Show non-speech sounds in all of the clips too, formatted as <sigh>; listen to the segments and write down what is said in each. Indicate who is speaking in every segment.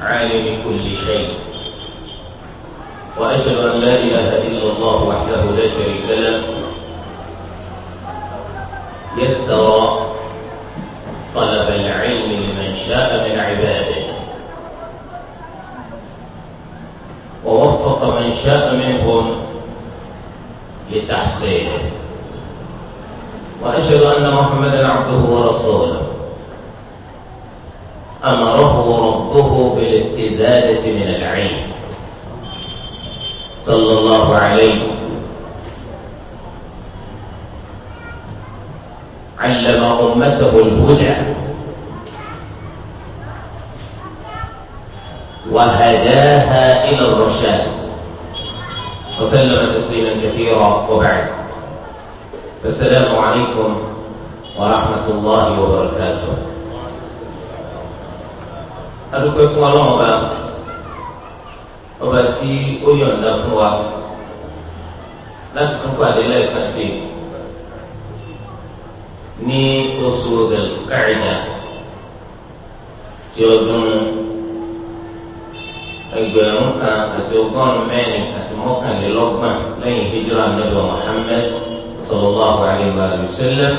Speaker 1: عالم كل شيء وأشهد أن لا إله إلا الله وحده لا شريك له يسترى طلب العلم لمن شاء من عباده ووفق من شاء منهم لتحصيله وأشهد أن محمدا عبده ورسوله أمره وصفه بالاستزادة من العين صلى الله عليه علم أمته الهدى وهداها إلى الرشاد وسلم تسليما كثيرا وبعد فالسلام عليكم ورحمة الله وبركاته adúpẹ́ fún ọlọ́run ọba ọba tí ó yọ̀ǹda fún wa láti tún pàdé lẹ́ẹ̀kan sí ní oṣù kẹrìnà ti ọdún ẹgbẹ̀rún kan àti ọgọ́rùn-ún mẹ́rin àti mọ́kànlélọ́gbọ̀n lẹ́yìn hijira nabi Muhammad sallallahu alayhi wa sallam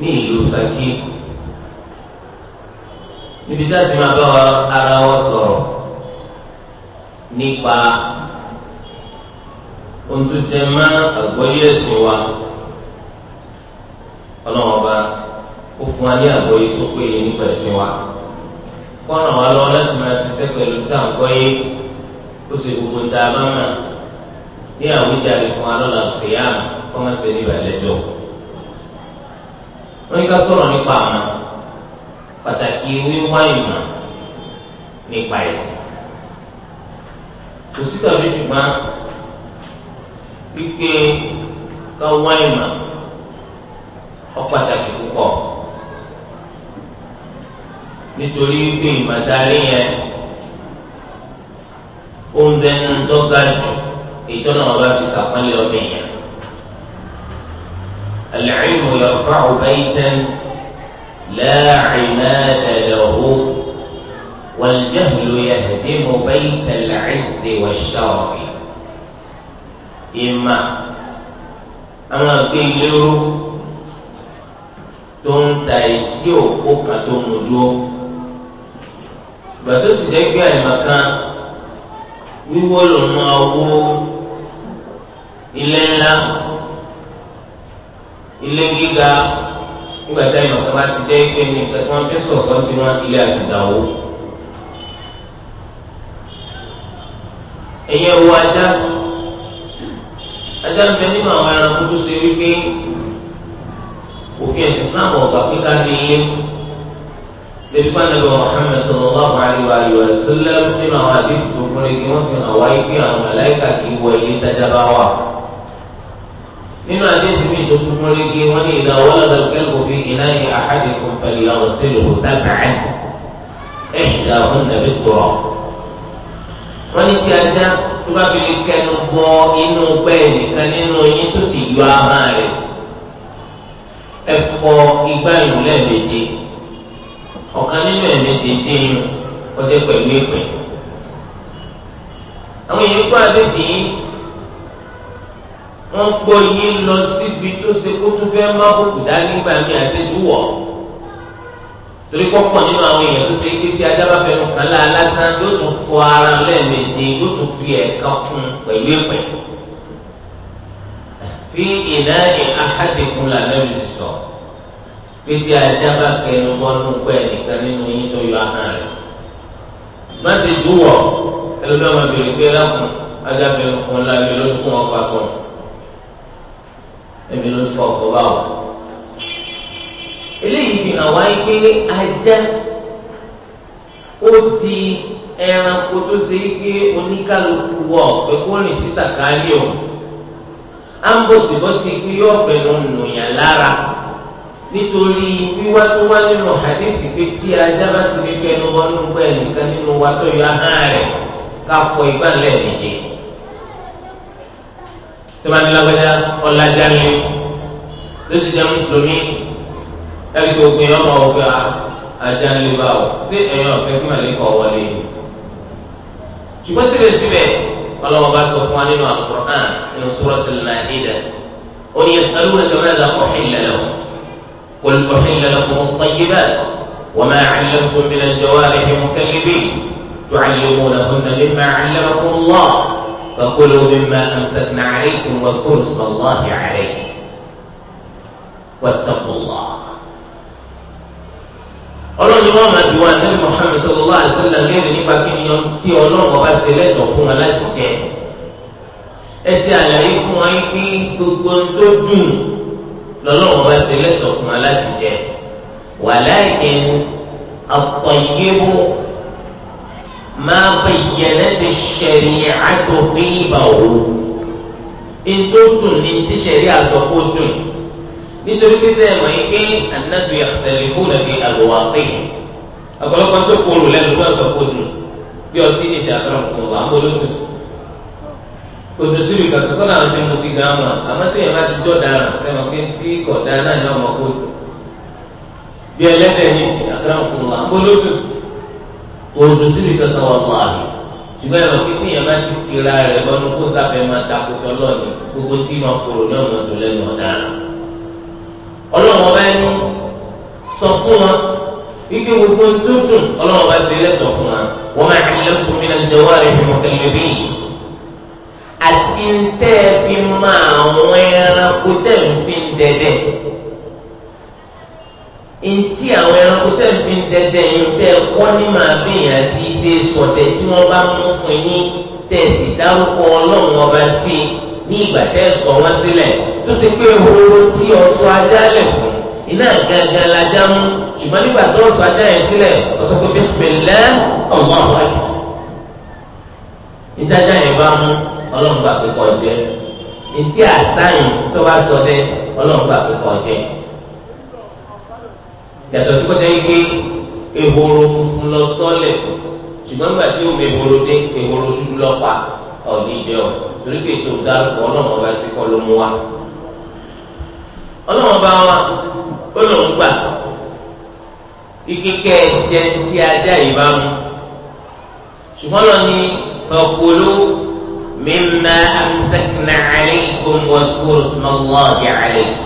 Speaker 1: ní ìlú Ṣakí ibi tá a ti máa bá ara wa sọ̀rọ̀ nípa ohun tó jẹ mọ́ àgbọ́yé ẹ̀sìn wa ọlọ́run ọba ó fún wa ní àgbọ́yé tó péye nípa ẹ̀sìn wa kọ́nà wa lọ láti máa ṣiṣẹ́ pẹ̀lú táǹkọ́yé ó sì gbogbo ń da abámà ní àwùjáde fún wa lọ́la kìíyà kọ́mọ́sẹ̀ níbàlẹ́jọ́ wọ́n ní ká sọ̀rọ̀ nípa àmà pàtàkì wíwá ìmọ̀ nípa ẹ̀ kò sí tàbí ṣùgbọ́n wípé ká wá ìmọ̀ ọ pàtàkì púpọ̀ nítorí wípé ìmọ̀tàrí yẹn ó ń dọ́gba jù ìtọ́nà ọba fi kàpọ́nlé ọmọ èèyàn. العلم يرفع بيتا لا عماد له والجهل يهدم بيت العز والشرف إما أما قيلوا تنتهي يوقف تمدو gbàtó ti jẹ́ pé àìmọ̀kan wíwó ló máa wó ilé ńlá ilé nígbà tí àyàn kan bá ti jẹ́ pé ní nǹkan tí wọ́n fi sọ̀sọ́ tí wọ́n ilé àtìdáwó. ẹ̀yin ẹ̀ wo ajá ajá ń bẹ nínú àwọn ẹranko tó ṣe wípé òfin ẹ̀sìn náà mọ̀ ọ̀gbà ní ilé lẹ́yìn bá nàbẹ̀ Muhammad sallallahu alayhi wa sallam nínú àwọn àdéhùn tó kúrẹ́gì wọ́n fi hàn wáyé pé àwọn màláíkà kì í wọ ilé tájá wà nínú àdéhùn mi tó kún mọ́lẹ́gẹ wọn ní ìdá wọlọ́dọ̀ kẹ́kọ̀ọ́ fi iná ní àhádì kan pẹ̀lú àwọn tẹ̀lé wọn tábàá ẹ̀ ìdá wọn nàbí tọ̀rọ̀. wọ́n ní kí ajá tó bá fi lè kẹnu bọ inú bẹ́ẹ̀ nìkan nínú yín tó sì yọ àmà rẹ̀ ẹ fọ igbá ìlú lẹ́ẹ̀mejì ọ̀kan nínú ẹ̀mejì dín ọjọ́ pẹ̀lú ìpè. àwọn èèyàn àdéhùn yìí wọ́n gbọ́ yín lọ síbi tó ṣe kó tún fẹ́ má bùkù dá nígbà mi àti ìdúwọ̀ torí pọ́pọ̀ nínú àwọn èèyàn tó ṣe é kékeré ajábá fẹnu kan láà lásán yóò tún fọ ara lẹ́ẹ̀mejì yóò tún fi ẹ̀ka kún pẹ̀lú ẹ̀pẹ̀ fi ìná ìhàdìkún làlẹ́mi sọ pété ajábá fẹnu bọ́nú pẹ́ nìkan nínú yín tó yọ ahọ́n rẹ̀ má ti dúwọ̀ ẹlòmíràn bèrè pé ẹlẹ́kùn ajábẹ̀rún kan láàbẹ̀ lọ́dún fún ọkọ̀ àtọ̀run èmi ló ń kọ́ ọ̀kọ́ báwò. eléyìí fi hàn wáyé pé ajá ó di ẹranko tó ṣe é pé oníkálukú wọ ọ̀pẹ kó rìn sí sàkáàlì o á ń bọ̀ síbọ̀ sí pé yóò fẹnu nùyàn lára nítorí wíwá tó wá nínú hadithi pé kí ajá bá ti fi fẹnu wọnú pẹ̀lú nǹkan nínú wa tó yọ ahọ́n rẹ̀ ká fọ ìgbàlẹ̀ nìyẹn. tẹ́lá ní lágbẹ́dá ọ̀làjà ni ló ti jẹ́ mùsùlùmí ẹ̀rí gbogbo yẹn ọmọ ọgbà ajá ń lé bá o ṣé ẹ̀yàn ọ̀fẹ́ fún àlékọ́ wọlé yìí. ṣùgbọ́n síbẹ̀síbẹ̀ ọlọ́wọ́ bá sọ fún wa nínú àkùrán nínú suratul Ma'idah ó ní yas'alunaka madha uhilla lahum qul uhilla lakum at-tayyibat wa ma 'allamtum min al-jawarihi mukallimin tu'allimunahunna mimma 'allamakum Allah فكلوا مما أنفقنا عليكم واذكروا اسم الله عليه واتقوا الله ọlọ́run ni wọ́n máa ju wọn àti Muhammad sallallahu alaihi wasallam léèrè nípa kí ni kí ọlọ́run ọba ṣe lẹ́tọ̀ọ́ fún wọn láti jẹ ẹ ti àlàyé fún wọn pé gbogbo tó dùn lọ́lọ́run ọba ṣe lẹ́tọ̀ọ́ fún wọn láti jẹ wàláyé ọ̀pọ̀ ìyẹ́wò ما بينت الشريعة قيمه انتم انت شريعة قوتن nítorí pípẹ́ ẹ̀mọ́ yìí pé ànádù yàtẹ̀lẹ̀ kó nàbí àlùwàpé ọ̀pọ̀lọpọ̀ tó kúrò lẹ́nu bí ọ̀sán kó dùn bí ọtí ní ìjà tọrọ kò wà mọ́ lóṣù òtún sí ìgbà tó kọ́ làwọn ti mú ti gan wọn àmọ́ tí ìyàrá ti jọ́ dára ẹ̀mọ́ pé tí kò náà ní ọmọ kó dùn bí ẹlẹ́fẹ̀ẹ́ ní ìjà tọrọ wà mọ́ kò dùn sí nìkan tán wọn mọ àlè ìgbà yẹn lọ́ọ́ kíkún yẹn bá ti kíra rẹ̀ lọ́nu kó sábẹ́ máa ta kókó lọ́ọ̀nì gbogbo tí máa kúrò ní ọ̀nà tó lẹ́nu ọ̀dà ọlọ́wọ́n bá ẹnu sọ fún wọn ike gbogbo tuntun ọlọ́wọ́n bá ti lẹ́tọ̀ fún wọn wọ́n máa ti lẹ́kùn mí lẹ́nu jẹ́wọ́ rẹ̀ fún mọ́kànlélẹ́bí àti ń tẹ́ fi máa àwọn ẹranko tẹ̀ ń fi ń dẹ́dẹ́ ntí àwọn ẹranko tẹ̀sí ń dẹ́dẹ́ yín bẹ́ẹ̀ wọ́n ní màá bìyàn sí ilé sọ̀tẹ̀ tí wọ́n bá mú fún yín tẹ̀sí dárúkọ ọlọ́run ọba sí ní ìgbà tẹ́ sọ wọ́n sílẹ̀ tó ti pé horo tí ọ̀sọ́ ajá lẹ̀ fún iná gangan lajá mú ṣùgbọ́n nígbà tó ọ̀sọ́ ajá yẹn sílẹ̀ ọ̀sọ́ pé bísímilá ọ̀gbọ́n àwọn ẹ̀kọ́. ìdájá yẹn bá mú ọlọ́run gbà pé kọjẹ́ ntí àtàyìn tó bá sọ dé ọlọ́run gbà pé kọjẹ́ yàtọ̀ sí kọ́tẹ́ yìí pé ehoro ńlọ sọ́lẹ̀ ṣùgbọ́n nígbà tí omi ehoro dé ehoro dúdú lọ́pa ọ̀dí ìjẹ́ ọ̀ torí pé ètò ìdárúkọ ọlọ́run ọba ti kọ́ ló mú wa. ọlọ́run ọba wa ó lòún gbà ikíkẹ́ jẹ tí ajá yìí bá mú ṣùgbọ́n lọ ní ọ̀pọ̀lọ́ mímá àmì sẹ́kìnà àlẹ́ ìkọ́mọ́sọ́ọ̀sì máa ń wọ́n ọ̀dẹ̀ àlẹ́ yìí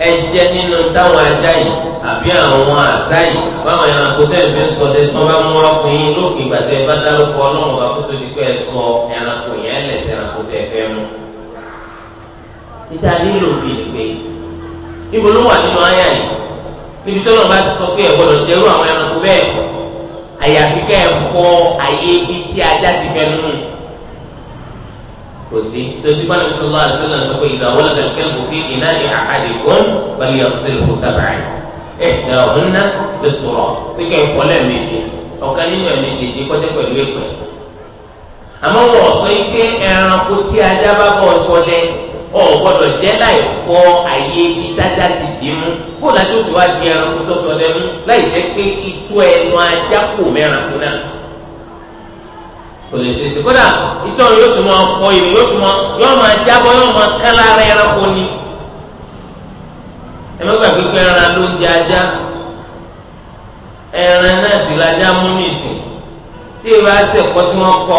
Speaker 1: ẹjẹ nínú táwọn ajá yìí àbí àwọn àdá yìí báwọn ẹranko tẹ́lẹ̀ fi ń sọ de tó bá mú wá fún yín lókè ìgbà tẹ́ ẹ bá dárúkọ ọlọ́run bá kó tó di pé ẹ sọ ẹranko yẹn lẹ̀ sí ẹranko tẹ́ ẹ fẹ́ mú. níta nílò bí ni pé ibo ló wà nínú ayà yìí níbi tó lọ́n bá ti sọ pé ẹ gbọ́dọ̀ jẹ́rú àwọn ẹranko bẹ́ẹ̀ àyàfi kẹ́ ẹ kọ́ àyè ibi tí ajá ti fẹ́ nù kò sí tóbi bá lè sọlá àdúrà sọ pé ìgbà wọlé kẹkẹ kò fi iná ní àhàdì kún balẹ̀ ọ̀sẹ̀ kò sábàá ẹ̀ ẹ̀ ọ̀hún ná ti sọ̀rọ̀ pé kẹ́ méje ọ̀kan nínú ẹ̀ méje ti kọ́jẹ́ pẹ̀lú ẹ̀pẹ̀. àmọ́ wọ́n sọ pé ẹranko tí ajá bá bọ̀ sọlẹ̀ ọ̀ gbọ́dọ̀ jẹ́ láì kọ́ àyè ibi ti dì mú kó lájú tó wá di ẹranko tó sọlẹ̀ mú láì jẹ́ pé itú ẹnu ajá kò mẹ́ranko náà kò lè tètè kódà ìtọ́ yóò tún máa kọ ìrìn yóò tún máa yóò máa jábọ́ yóò máa kán lára ẹranko ni ẹlọ́gbà pípẹ́ ẹran ló ń di ajá ẹran náà sì lajá mú ní ìsìn tí ìwé àti ẹ̀kọ́ tí wọ́n kọ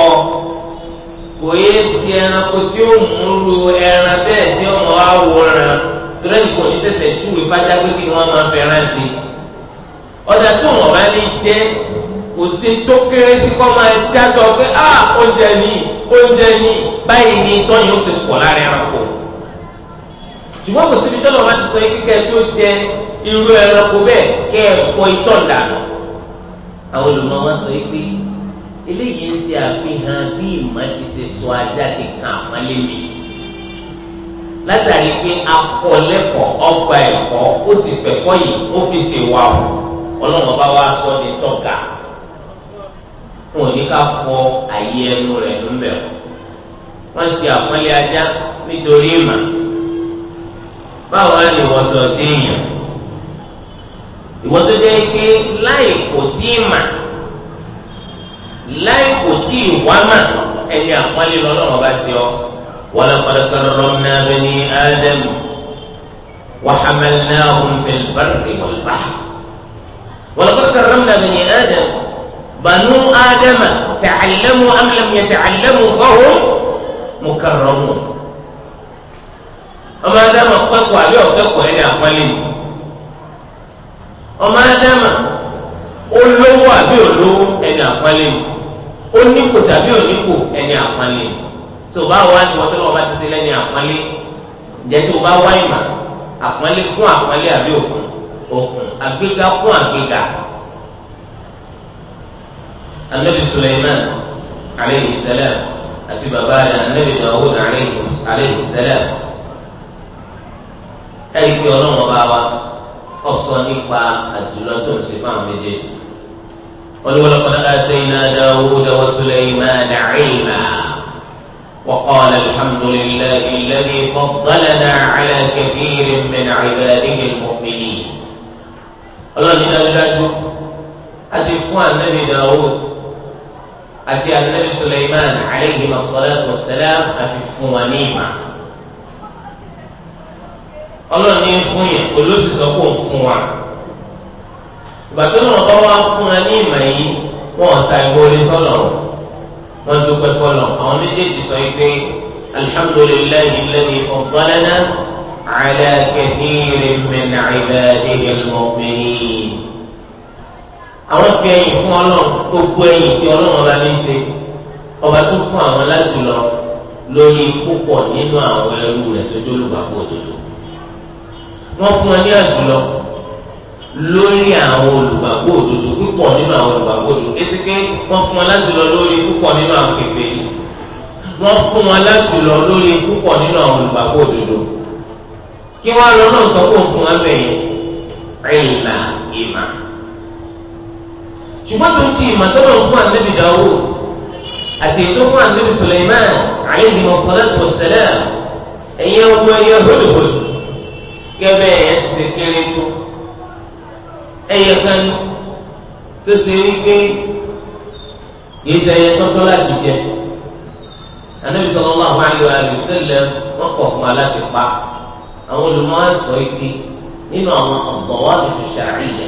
Speaker 1: kò yé ti ẹranko tí ó mú lu ẹran bẹ́ẹ̀ tí ọmọ wa wò ràn tẹ́lẹ̀ kò ní tẹ̀sẹ̀ tú ìfájá pé kí wọ́n máa fẹ́ràn sí ọjà tó wọ́n bá ní jẹ́ kò sí tó kéré sí kọ́ máa dájọ́ pé a ah, oúnjẹ ni oúnjẹ ni báyìí ni tọ́yìn ó ti pọ̀ lára ẹranko ṣùgbọ́n kò síbi tọ́lọ̀ máa ti sọ yìí kíkẹ́ tó jẹ irú ẹranko bẹ́ẹ̀ kẹ́ ẹ̀ pọ̀ itọ́ dànù àwọn olùmọ̀ wọn sọ yìí pé eléyìí ń ṣe àfihàn bí ìmọ̀ ti ṣe sọ ajá ti kàn àpọ́nlé mi látàrí pé akọ̀lẹ́kọ̀ọ́ ọgbà ẹ̀kọ́ ó ti fẹ̀kọ́ yìí ó fi ṣèwà ọlọ́run bá wa sọ ní tọ́ka wọn ò ní ká fọ àyè ẹnu rẹ̀ níbẹ̀ wọ́n ti àpọ́nlé ajá nítorí ìmọ̀ báwo ni ìwọ tó déèyàn ìwọ tó jẹ́ pé láì kò tí ì láì kò tí ì mà ẹni àpọ́nlé lọ́lọ́wọ́ bá ti ọ ولقد كرمنا بني آدم وحملناهم في البر والبحر ولقد كرمنا بني آدم بنو آدم تعلموا أم لم يتعلموا فهم مكرمون ọmọ adama kẹ́kọ̀ọ́ àbí ọkẹ́kọ̀ọ́ ẹni àpọnlé ni ọmọ adama olówó àbí olówó ẹni àpọnlé ni onípò tàbí onípò ẹni àpọnlé ni tó bá wá tí wọn tó lọ bá ti ti lẹni àpọnlé jẹ tó bá wá ìmà àpọnlé kún àpọnlé àbí òkun òkun àgbéga kún àgbéga anabi suleiman aleyhi salam àti bàbá rẹ̀ anabi dawud aleyhi salam ẹ̀yí pé ọlọ́run ọba wa ọ̀sọ́ nípa àjùlọ tó ń ṣe fáwọn méjèèjì. ولقد آتينا داود وسليمان علما وقال الحمد لله الذي فضلنا على كثير من عباده المؤمنين الله جل وعلا أتفقوا النبي داود àti anabi suleiman aleyhi masalatu wasalam àti fún wa ní ìmà ọlọ́run ní fún yẹn olóòtú sọ pé òun fún wa ìgbà tó lọ́nà bá wá fún wa ní ìmà yìí wọ́n ọ̀tá ìwọlé sọ́lọ̀ wọ́n dúpẹ́ fọlọ̀ àwọn méjèèjì sọ pé alhamdulilayi lẹ́yìn ọ̀gbọ́n lẹ́nà àlẹ́ kẹ́hìn rẹ̀ mẹ́nà ìbẹ́ẹ́ ẹ̀yẹ àwọn fi ẹyìn fún ọlọ́run gbogbo ẹyìn tí ọlọ́run ọba ní ṣe ọba tó fún àwọn láti lọ lórí púpọ̀ nínú àwọn ẹrú rẹ̀ tó jólùbàpọ̀ òdodo wọ́n fún ẹ ní àjùlọ lórí àwọn olùgbàgbọ́ òdodo púpọ̀ nínú àwọn olùgbàgbọ́ òdodo kétéké wọ́n fún wọn láti lọ lórí púpọ̀ nínú àwọn pèpè yìí wọ́n fún wọn láti lọ lórí púpọ̀ nínú àwọn olùgbàgbọ́ òdodo kí wọ́n lọ náà sọ fún òfin wọn bẹ̀yẹn ẹ̀yìnlá ìmà ṣùgbọ́n tó ń fi ìmọ̀tọ́nà fún ànábì Dáwúd àti ètò fún ànábì Sulaiman alayhi salatu wassalam ẹ̀yẹ ọmọ ẹ̀yẹ hólùhólù kẹ́bẹ́ ẹ̀yẹ ti ṣe kéré tó ẹ̀yẹ kan tó ṣe rí pé ìṣe ẹ̀yẹ tọ́tọ́ láti jẹ ànábì sallallahu alayhi wa sallam wọ́n kọ̀ fún aláti pa àwọn olùmọ̀ àìsàn ìdí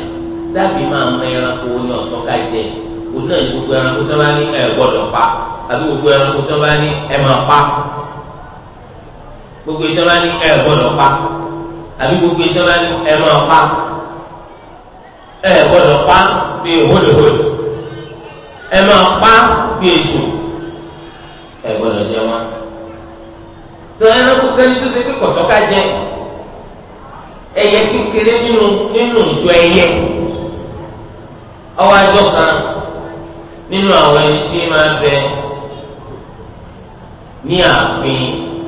Speaker 1: dábì máa mọ ẹranko ní ọ̀tọ́ ká jẹ òun náà ní gbogbo ẹranko tó bá ní ẹ gbọ́dọ̀ pa àbí gbogbo ẹranko tó bá ní ẹ máa pa gbogbo ìtọ́ bá ní ẹ gbọ́dọ̀ pa àbí gbogbo ìtọ́ bá ní ẹ máa pa ẹ gbọ́dọ̀ pa bí hólèhólè ẹ máa pa bí ètò ẹ gbọ́dọ̀ jẹ wọn. tó ẹranko kẹ́ni tó ṣe pé kọ̀tọ́ ká jẹ ẹyẹ kékeré nínú nínú ìjọ ẹyẹ. ọwọ́ ẹjọ́ kan nínú àwọn ẹni tí máa bẹ ní ààfin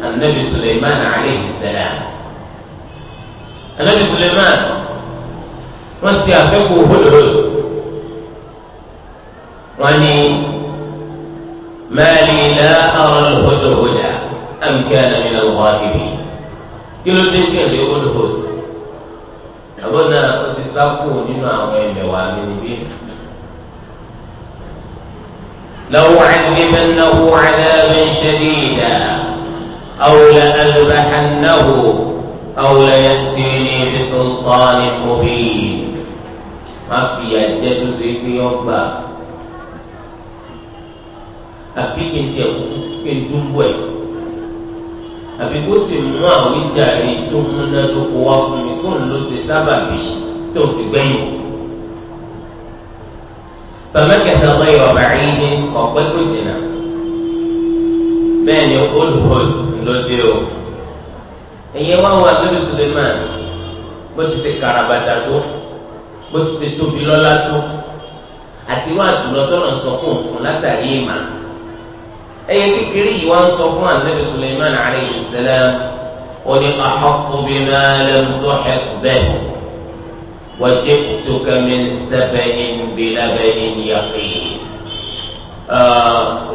Speaker 1: anabi suleiman ali salam anabi suleiman wọ́n ti àfẹ́kù hólòrò wọ́n ní máàlì ilá àwọn olùhódòhódà àmì kí anamí lọ́wọ́ àbíbí kí ló dé kí ẹ̀ lé olùhódò. ìyàwó náà ó ti kákò nínú àwọn ẹ̀mẹ̀wà àmìnibí. لو علمنه عذابا شديدا أو لأذبحنه ni ليأتيني بسلطان مبين má fi àjẹ tó ṣe pé ọgbà àbí kí n tiẹ̀ kú kí n dúró ẹ̀. àfi kó sì mú àwíjàre tó múnádóko wá fún mi kó n ló ṣe sábàbí tó fi gbẹ̀yìn. فمكث غير بعيد ọ̀pẹ́ tó jìnnà bẹ́ẹ̀ ni olùkọ́ ló dé o ẹ̀yẹ wá wá lórí Suleiman bó ti ṣe karabata tó bó ti ṣe tóbi lọ́lá tó àti wá àtúlọ́tọ́nà sọ fún òun látàrí ìmọ̀ ẹyẹ kékeré yìí wọn sọ fún anabi suleiman alayhi salam wọn ahọ́kù bí máa lẹ́m tó ẹ̀kú bẹ́ẹ̀ wọ́n jẹ́ kutuka mi sẹ́bẹ̀yìn bí lábẹ́yìn yàtọ̀ yìí.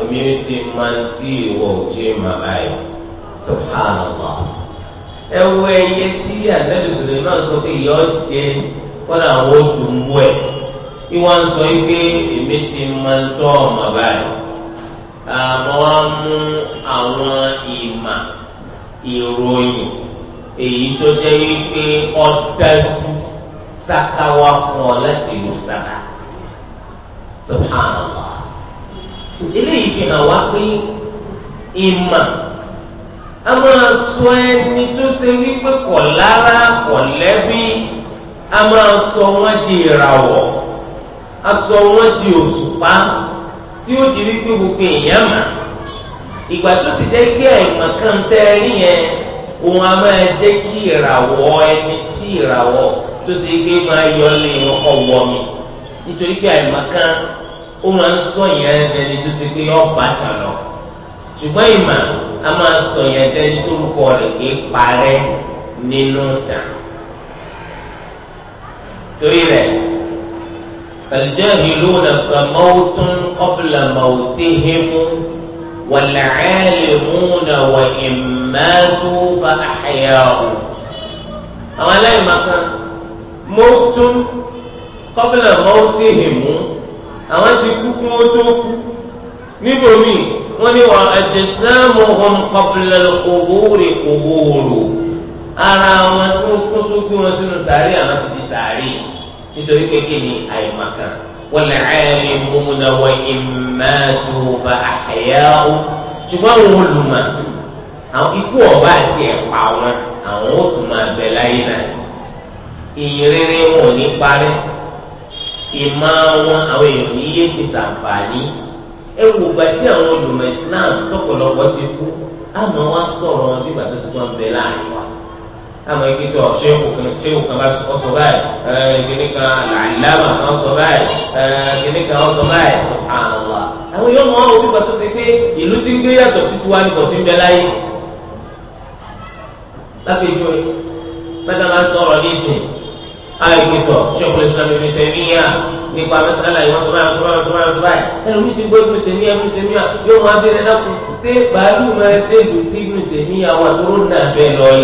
Speaker 1: èmi ti máa ń tí ìwọ òjé màmá yìí subhanallah. ẹ wọ ẹyẹ tí anabi suleiman sọ pé yọ jẹ kọ́nà àwọn ojú ń wẹ̀ kí wọ́n sọ yìí pé èmi ti máa ń tọ́ ọmọ báyìí àmọ́ ah, wá mú àwọn ìmà ìròyìn èyí tó jẹ́ wípé ọ̀dájú sákáwá fún ọ láti ìlú sáká subhanallah eléyìí fi hàn wá pé ìmà a máa sọ ẹni tó ṣe wípé kọ̀ lára kọ̀ lẹ́bí a máa sọ wọ́n di ìràwọ̀ a sọ wọ́n di òṣùpá tí ó di wípé gbogbo èèyàn mà ìgbà tó ti jẹ́ kí ẹ̀mọ̀ kan tẹ́ rí yẹn òun a máa jẹ́ kí ìràwọ̀ ẹni tí ìràwọ̀ tó ti gbé máa yọ lé ọkọ̀ wọ mi nítorí pé ẹ̀mọ̀ kan ó máa ń sọ yẹn ẹni tó ti gbé ọ̀bà tà lọ ṣùgbọ́n ìmọ̀ a máa sọ yẹn ẹni tó lùkọ́ rẹ̀ gbé parẹ́ nínú ìtàn torí rẹ̀. فالجاهلون فموت قبل موتهم والعالمون وإن ماتوا فأحياهم أما لا يمكن موت قبل موتهم أما تكون موتوك نبومي وني وأجسامهم قبل القبور قبور أرى وسوق سوق وسوق ساري أنا في ساري nítorí pé kí ni àyèmàkà wọlé ayẹyẹ múmúna wọ ìmàdùbà àyàwó ṣùgbọ́n àwọn olùmọ̀ àwọn ikú ọba àti ẹ̀pà wọn àwọn ó tún máa bẹ láyé náà ìyìn wọn ò ní parí ìmọ̀ wọn àwọn èèyàn ní ti sàǹfààní ẹ wò àwọn olùmọ̀ islam tọ̀pọ̀lọpọ̀ ti kú àmọ́ wọn sọ̀rọ̀ nígbà tó ti wọn bẹ láàrin wa àmọ́ ibi tó ṣé òkùnrin ṣé òkùnrin bá sọ báyìí ìgbìnì kan làlámà kan sọ báyìí ìgbìnì kan sọ báyìí àlọ́ àwọn yóò mọ orí bàtú ti pé ìlú ti ń gbé yàtọ̀ títí wá ní bọ̀tí bẹ láyé láti ju mẹ́ta máa ń sọ̀rọ̀ ní ìsìn àìgbé tọ̀ ṣé òkùnrin sọ̀rọ̀ ní ìfẹ́ níyà nípa mẹ́tàlá ìwọ̀n tó máa ń tó máa ń tó báyìí wọn tó ń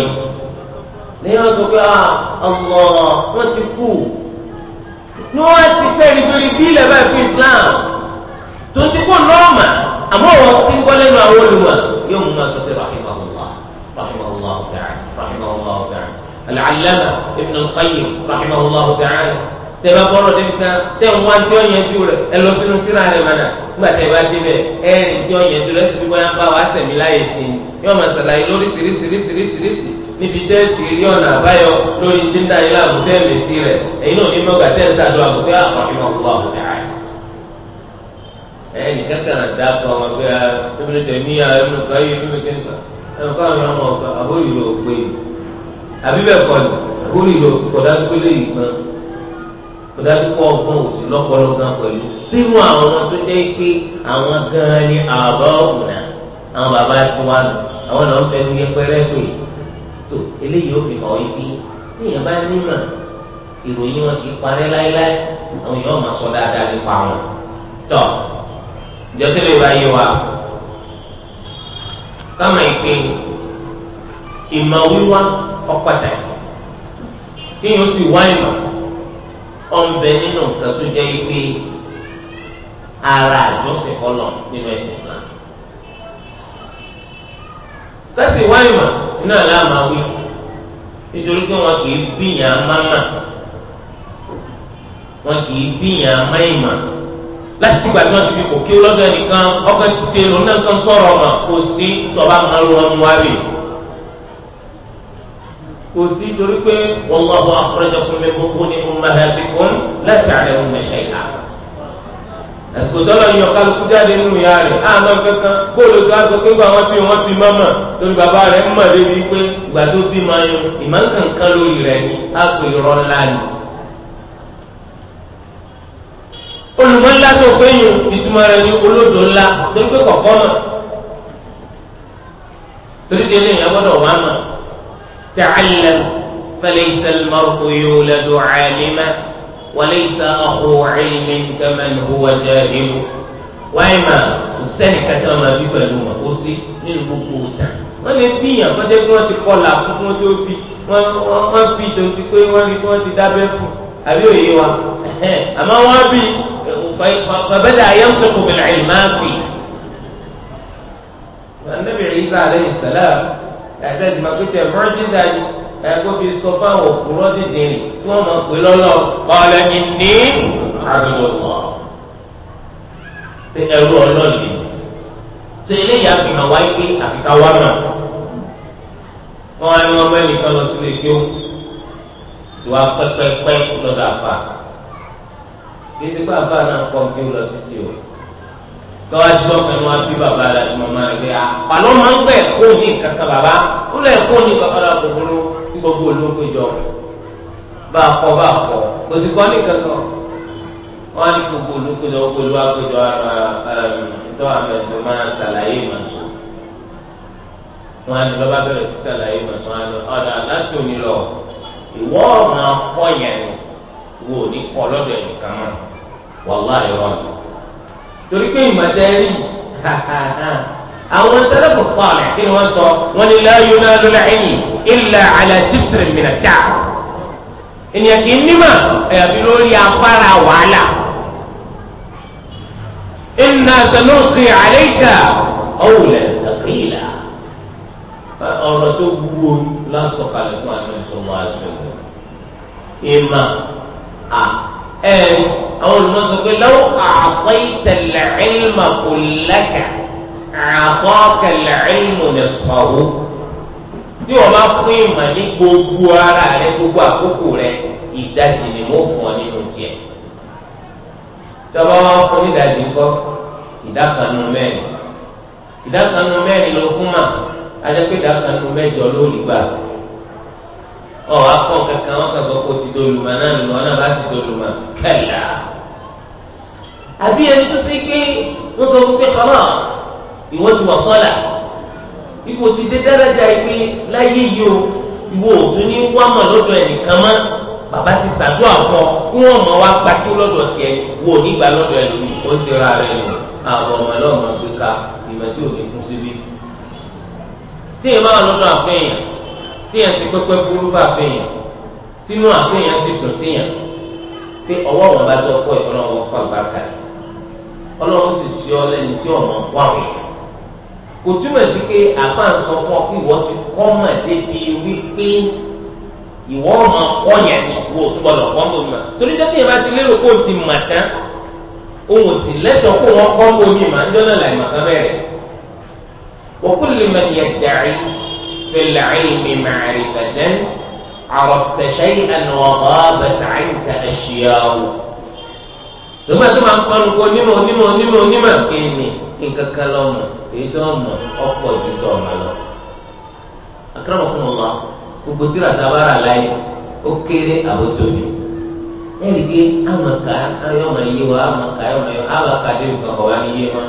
Speaker 1: ní wọ́n sọ pé ọmọ ah, wọn ti kú ní wọ́n ti fẹ́ ribiri bí ilẹ̀ bá fi Islam tó ti kó nọ́ọ̀mà àmọ́ wọn ti ń gbọ́ lẹ́nu àwọn olùmọ̀ yóò mú náà tètè rahimahullah rahimahullah ta'ala rahimahullah ta'ala al-allama ibn al-qayyim rahimahullah ta'ala tẹ̀bá bọ́rọ̀ débi kan tẹ̀ ń wá tí ó yẹn ju rẹ̀ ẹ lọ sínú síra rẹ̀ mọ̀nà nígbà tẹ̀ bá débẹ̀ ẹ rìn tí ó yẹn ju rẹ̀ síbi bóyá ń bá wa sẹ̀mí láyé sí i yóò máa sàlàyé lórí tìrìtìrìtìrìtìrìtì níbi tẹ́ ti rí ọ̀nà àbáyọ lórí dídá ilé àmúfẹ́ mẹ́tì rẹ̀ èyí náà ní mọ́gà tẹ́ ń sàdó àmúfẹ́ àkọ́kọ́ ọ̀gbọ́n àmúfẹ́ àyè. ẹnì kẹ́kẹ́ náà dá fún ọmọ pé ẹbí ah, tẹ̀ ní ẹnu káyé ẹbí tẹ̀ ní ẹnìkan àwọn ọmọ ọ̀gá àbóyè ló pé àbí bẹ́ẹ̀ kọ́ ni àbóyè ló kọ̀dá yìí kan kọ̀dá ọgbọ́n òsì lọ́pọ̀lọ́ àwọn náà ń fẹ́ ní yẹpẹrẹ pé tó eléyìí ó fi hàn ibi tí èèyàn bá nímọ̀ ìròyìn wọn kì í parẹ́ láéláé àwọn èèyàn máa sọ dáadáa nípa wọn. tọ ìjọsí lè wá yé wa káma ìpè ìmọ̀ wíwá ọ̀pàtà kí yóò sì wá ìmọ̀ ọ̀nbẹ nínú nǹkan tó jẹ́ ìpè ara àjọsìn kọlọ̀ nínú ẹ̀sìn náà. kẹ́sì wá ìmọ̀ náà láàmà wí nítorí pé wọn kì í bíyàn máma wọn kì í bíyàn máìmà láti tí gbàgbé wọn ti fi kò kí lọ́dọ̀ nìkan ọkọ̀ ti ti lò náà kan sọ̀rọ̀ ọmọ kò sí tọ́ba máa ń wọn mú àbí kò sí torí pé wọ́n wá wọ́n akọ̀rẹ́jọ́ fún mi gbogbo ní ọmọ ẹ̀ fi kún láti àlẹ́ òun ẹ̀ṣẹ̀ yìí ẹ̀kọ́ dọ́là yọ kálukú jáde nínú ya rẹ̀ àmọ́ kankan bóòlù tó aṣọ pé wọ́n àwọn bí wọ́n bí mọ́mọ́ torí bàbá rẹ̀ ń mọ̀ débi pé ìgbà tó bí máa yun ìmọ̀ǹkankan lórí rẹ̀ ni á pè rọ́ ńlá ni. olùmọ̀ ńlá tó pé yun ìtumọ̀ rẹ̀ ni olódò ńlá torí pé kọ̀kọ́ mọ̀ torí délé yẹn gbọ́dọ̀ wá mọ̀ tẹ̀hálẹ̀ fẹlẹ́ ìtẹ̀lẹ́mọ̀ وليس أخو علم كمن هو جاهل وإما أستاذ كتاما بيبا لما أوسي من بطوطة وأنا أتنيا فأنا أتنوا تقول لك أتنوا تقول لك وأنا أتنوا تقول لك وأنا أتنوا تقول لك أبيو إيوا أما وابي فبدأ ينطق بالعلم ما في والنبي عيسى عليه السلام أعتقد ما قلت يا معجزة ẹgbẹ́ fi sọ fáwọn òkúrọ́ dìde rìn tí wọ́n máa pè lọ́lọ́ ọ̀lẹ́ ní ní àdúgbò ṣe ẹrú ọlọ́ọ̀lì ṣe eléyìí àfihàn wáyé pé àfikà wá mà wọn á ní wọn bẹ nìkan lọ sí lè jó tí wàá pẹpẹpẹ lọ́dọ̀ àfà kí ti bá àfà náà kọ bí ó lọ sí ti o tọ́wá tí wọ́n fẹ́ bí bàbá rẹ̀ àti màmá rẹ̀ pé àpàlọ́ máa ń gbẹ̀ kó ní bàbá ó lẹ̀ kó ní kankan ní gbogbo olókojọ bá a kọ bá a kọ òtí kọ́ ní kankan wọ́n á ní gbogbo olókojọ gbogbo olókojọ àtọ́ àmẹ́tọ́ máa ṣàlàyé màtó wọ́n á ní lọ́ba bẹ̀rẹ̀ sí ṣàlàyé màtó wọn á ní ọ̀dà láti òní lọ ìwọ ọ̀nà kọ́ yẹn wò ní kọ́ lọ́dọ̀ ẹ̀ nìkan mọ́ wàláyé wọn. torí pé ìmọ̀tẹ́rì <laughs> أو أنت لفو الطالع إنه أنت ولا ينال العيني إلا على ستر من الكعب إن يكينما يقولوا لي أفرع وعلا إنا سنلقي عليك قولا ثقيلا أو رتبون لا تقال إخوان صلى الله عليه وسلم إما أو المنطق لو أعطيت العلم كلك àkọ́kẹ́ lẹ́yìnmù lè kọ̀wó tí o bá fún ìmọ̀ ní gbogbo ara rẹ gbogbo àkókò rẹ ìdajì ni mo fún ọ nínú jẹ tọ́ba wọn fún ìdajì ńkọ́ ìdákanu mẹ́rin ìdákanu mẹ́rin ló fún mà adẹ́pẹ́ ìdákanu mẹ́jọ lórí gbà ọ̀ akọ kankan wọn kàn sọ pé o ti náà nínú ọ bá ti dolùmọ̀ kẹlá àbí ẹni tó ti gbé wọn sọ fún pé kọ́mọ́ ìwọ ti wà sọ́là ìwọ ti dé dẹ́rẹ́jà ìpín láyé yìí o ìwọ òtún ní wámọ̀ lọ́dọ̀ ẹnìkan mọ́ bàbá ti sàdó àfọ kí wọ́n mọ̀ wá gba kí lọ́dọ̀ tiẹ̀ wò nígbà lọ́dọ̀ ẹ̀ lómi ó ti ra rẹ̀ lò àwọn ọmọ ẹlọ́mọ gbé ka ìmọ̀ tí ò ní kún síbí. tí èèyàn máa lọ́dọ̀ àfẹ́yàn tí èèyàn ti pẹ́pẹ́ burú bá àfẹ́yàn tínú àfẹ́yàn ti dùn síyàn pé ọwọ́ wọn bá tó ọkọ ìfọlọ́wọ́ fún àgbàkà ọlọ́run sì ṣe ọ lẹ́ni tí ọ̀nà wà wọ̀nyí kò túmọ̀ sí pé àbá ń sọ fún ọ pé ìwọ ti kọ́ mọ̀ débi wípé ìwọ ọmọ kọ́ yẹn ni wo gbọdọ̀ kọ́ mọ̀ mọ̀ torí jẹ́ kí ẹ bá ti lérò kó o ti mà tán òun ò sì lẹ́tọ̀ọ́ kó wọ́n kọ́ mọ̀ mi màá ń jọ́nà láì màá sábẹ́ òkú lè mọ ìyẹn dàrí fẹlẹ̀ àyìn mi màá rí fẹ̀dẹ́ àròtẹ̀ṣẹ́ ìhànà ọ̀bọ̀ èyí tó ọmọ ọ̀pọ̀ ju tó ọmọ lọ. akérò fún wa gbogbo tíra sábàrà láyé ó kéré àbótóbi ẹnìké amaka ayọmọ yìí wa amaka ayọmọ yìí wa amaka dé nǹkan kọ wá ní yé wa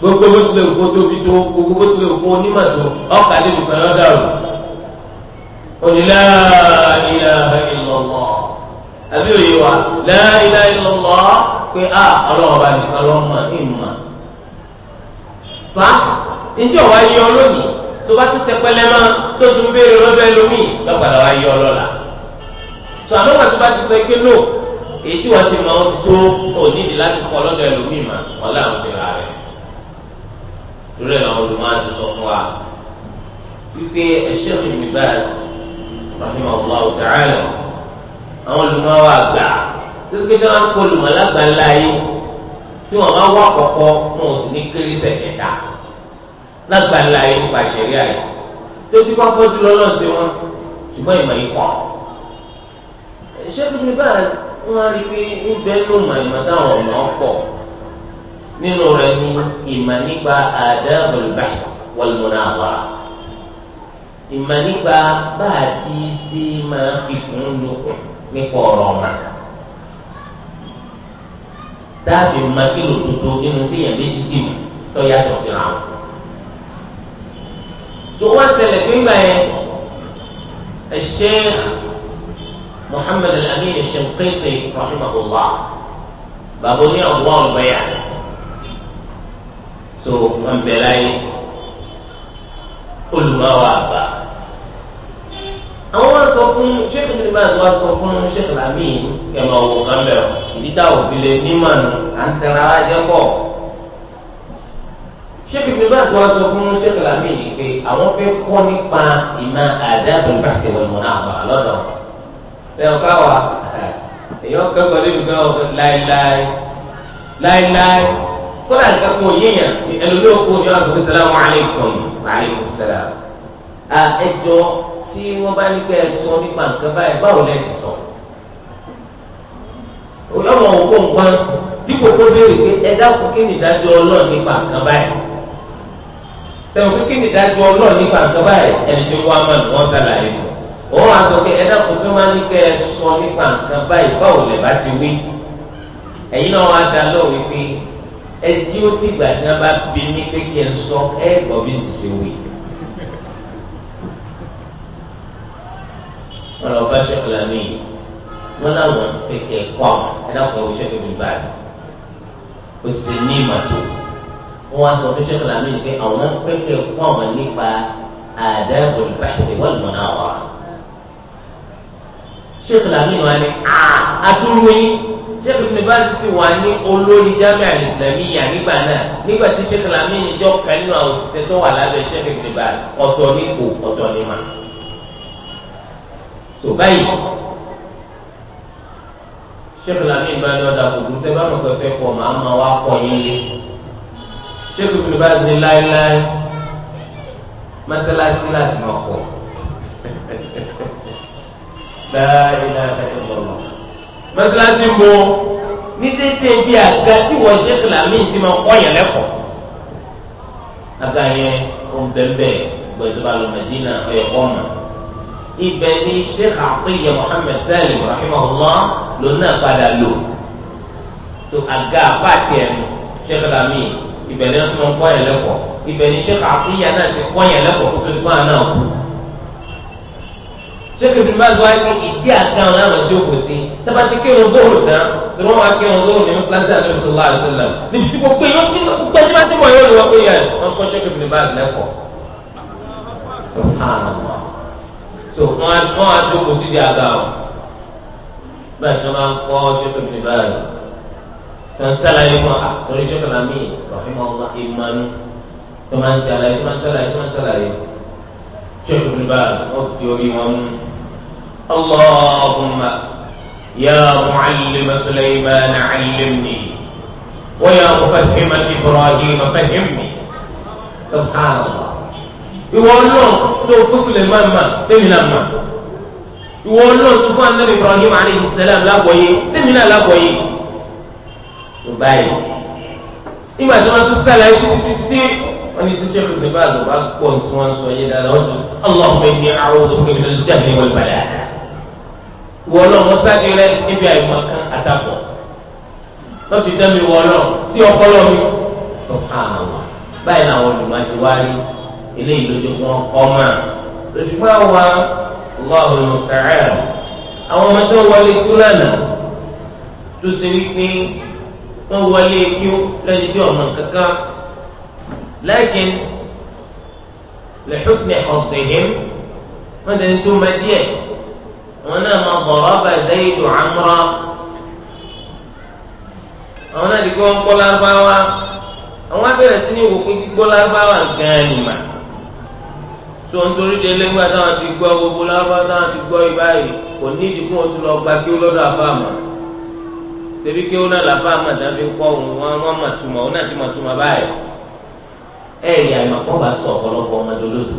Speaker 1: gbogbo bó tilẹ̀ òkú tóbi tó gbogbo bó tilẹ̀ òkú onímọ̀ tó ọkà dé nǹkan yọ dàrú onílà ìlà ìlọlọ àbí òye wa là ìlà ìlọlọ pé a ah, ọlọ́wọ́ bá nìkan lọ́mọ ìmọ̀ fa ǹjẹ́ ọ̀wá yọ lónìí tó bá ti tẹpẹlẹ máa tó tún béèrè lọ́dọ̀ ẹlòmíì lọ́gbàdà wa yọ lọ́la tó àmọ́ wà tó bá ti pẹ́ pé lò èyí tí wọ́n ti mọ ohun tó onídìí láti kọ́ lọ́dọ̀ ẹlòmíì mà wọ́n láwọn ti ra rẹ̀ lórí àwọn olùmọ̀ọ́ ti sọ fún wa wípé ẹ̀ṣẹ́ mi ní báyìí rahim allah ta'ala àwọn olùmọ̀ọ́ wa gbà tó gbé dáhùn kó olùmọ̀ọ́ lágbàá láyé tí wọn bá wá kọkọ wọn ò ní kéré tẹkẹta lágbàlá yìí nípa ìṣẹ̀lẹ̀ àyè tó ti bá fọdú lọlọrun sí wọn ṣùgbọ́n ìmọ̀ yìí pọ̀. ìṣègùn ní báyìí wọn rí pé níbẹ̀ ló mọ ìmọ̀ táwọn ọ̀nà pọ̀ nínú rẹ̀ ní ìmọ̀ nípa adabul bahr wal ìmọ̀ nípa bá a ti ṣe máa fi kún lókun nípa ọ̀rọ̀ ọ̀mọ̀ta dáàbì máa kí ló dodo nínú téèyàn méjì dì mí tó yàtọ̀ síra wọn. tó wá ṣẹlẹ̀ nígbà yẹn Sheikh Muhammad Al-Amin Shinqiti rahimahullah bàbá ní ọgbọ́n ọgbẹ́yà tó ń bẹ̀rẹ̀ ayé olùmọ̀wá àbá àwọn wá sọ fún ṣéèkì nígbà tí wá sọ fún ṣéèkì làmì kẹmọ òwò kan bẹ ọ ìdídá òbí lè nímọ̀ nù à ń tẹ̀ra wá jẹ́ pọ̀ ṣéèkì nígbà tí wá sọ fún ṣéèkì làmì yìí pé àwọn fẹ́ kọ́ nípa ìmọ̀ àdáàbò bàtẹ̀ wọ̀nyí àbọ̀ lọ́dọ̀ ẹ̀yọ̀ káwa ẹ̀yọ̀ kẹ́kọ̀ọ́ débi kan láéláé láéláé kódà nǹkan kan yéèyàn ẹlòmíràn kó yọ àgbẹ̀ sàlámù alaykum alaykum sàlám tí wọ́n bá ní pé ẹ sọ nípa nǹkan báyìí báwo lẹ ti sọ. olóòwò òkú nǹkan dípò kó béèrè pé ẹ dákun kí ni ìdájọ́ ọlọ́ọ̀ nípa nǹkan báyìí. tẹ̀wọ̀n pé kí ni ìdájọ́ ọlọ́ọ̀ nípa nǹkan báyìí ẹni tí wọ́n á mọ̀ ní wọ́n sàlàyé fún òun àtọ̀ pé ẹ dákun tí wọ́n bá ní pé ẹ sọ nípa nǹkan báyìí báwo lẹ bá ti wí. ẹ̀yin náà wá da lọ́wọ́ wípé ẹ tí ó ti gbà tí wọn lọ bá ṣe kìlámì yìí wọn làwọn kékeré kọ ẹdáàkùn ọwọ ṣẹkẹ mi báyìí o ti ní ìmọ̀tò wọn wá sọ fún ṣẹkẹ làmì yìí pé àwọn kékeré kọ wọn nípa àdáàbò ìbáṣepọ̀ wọn lọ náà wà. ṣẹkẹ làmì wà ní àtúrú yín ṣẹkẹ yunifásitì wà ní olórí jámẹ́ àlìsàmì yà nígbà náà nígbà tí ṣẹkẹ làmì jọ kàn àwọn òṣìṣẹ́ tó wà lábẹ́ ṣẹkẹ yunifásitì ọ̀tọ̀ ní tó báyìí sheikh lamin bá ní ọ̀dà kòkòrò tẹ́ bá mọ̀kọ́ fẹ́ pọ̀ màá ma wá pọ̀ yín lé sheikh ibn bá ní láéláé mọ́tálásí láti mọ̀ pọ̀ láéláé mọ́tálásí ń bọ̀ ní tètè bí àga tí wọ́n sheikh lamin ti máa kọ́ yẹn lẹ́kọ̀ọ́ àga yẹn o ń bẹ́ẹ̀ bẹ́ẹ̀ gbẹ̀dúrà lọ́mọdé ibẹ̀ ni sheikh àpéyẹ Muhammad Salim rahimahullah ló náà padà lò tó àga àpáàtì ẹnu sheikh lami ibẹ̀ ni wọ́n ti kọ́ yẹn lẹ́kọ̀ọ́ ibẹ̀ ni sheikh àpéyẹ náà ti kọ́ yẹn lẹ́kọ̀ọ́ kó tó ti kọ́ àná kú sheikh ibi máa zọ ayé ìdí àga wọn láwọn tí ó kò sí tábà ti kírun bóòlù tán tí wọ́n máa kírun bóòlù ní mọ́tíláṣí àti mọ́tíláṣí àti sọ́lá níbi tí gbogbo èèyàn ti gbẹ́jú bá ti mọ̀ yóò lọ́wọ́ pé yẹn wọ́n kọ́ sheikh ibi máa lẹ́kọ̀ọ́ so wọn á wọn á àjókòó síbi àga o bẹ́ẹ̀ tí wọn máa ń kọ ṣẹkọ ní báyìí tẹ̀síntàlá yìí wọn àtọ́rí ṣẹkọ náà mí ìrọ̀fíìmọ̀ ọmọ ìmọ̀nù tó máa ń tẹ̀lé tó máa ń tẹ̀lé tó máa ń tẹ̀lé ṣẹkọ ní báyìí wọn fi orí wọn mú. اللهم يا معلم سليمان علمني ويا مفهم إبراهيم فهمني سبحان الله ìwọ náà tó kókòlè máa ma tẹ́mi náà ma ìwọ náà tó fún anabi Ibrahim alayhi salam lágbọ̀ọ́yé tẹ́mi náà lágbọ̀ọ́yé tó báyìí nígbà tí wọ́n tún sàlàyé títí wọ́n ní tíṣẹ́ fún mi bá lò wá pọ̀ tí wọ́n sọ yé dáadáa wọ́n tún Allahumma inni a'udhu bika min al-jahli wal balaa ìwọ náà wọ́n sáré rẹ níbi àìmọ̀ kan àtàkọ̀ lọ́ọ́ ti dẹ́mi ìwọ náà tí ọpọlọ mi tó eléyìí lójú kan ọmọ lójúmọ́ àwa ọlọ́run ló kàrẹ́ ẹ̀ àwọn ọmọ tó wọlé kú lánàá tó ṣe wípé wọ́n wọlé kí ó lẹ́yìn tí ọmọ kankan lẹ́kìn lẹ́xùtìmẹ̀ ọ̀gbẹ̀hìn wọ́n ti ń tó ma díẹ̀ wọn náà ma bọ̀rọ̀ bá zayidu amúra àwọn náà ti kọ́ ń kọ́ lábáwá àwọn abẹ́rẹ́ sí ni wò pé kíkọ́ lábáwá gan-an ni mà tó ń torí de lẹ́gbàá táwọn ti gbọ́ gbogbo lábá táwọn ti gbọ́ ibà yìí kò ní ìdìbò wọn tó lọ gba kí ó lọ́dọ̀ àbáàmà tẹbi kí ó náà làbáàmà dábí kọ́ òun wọn wọn mà túmọ̀ òun náà ti mà túmọ̀ báyìí ẹ̀ ẹ̀yà ìmọ̀kọ́ bá sọ ọ̀pọ̀lọpọ̀ ọmọdé olódò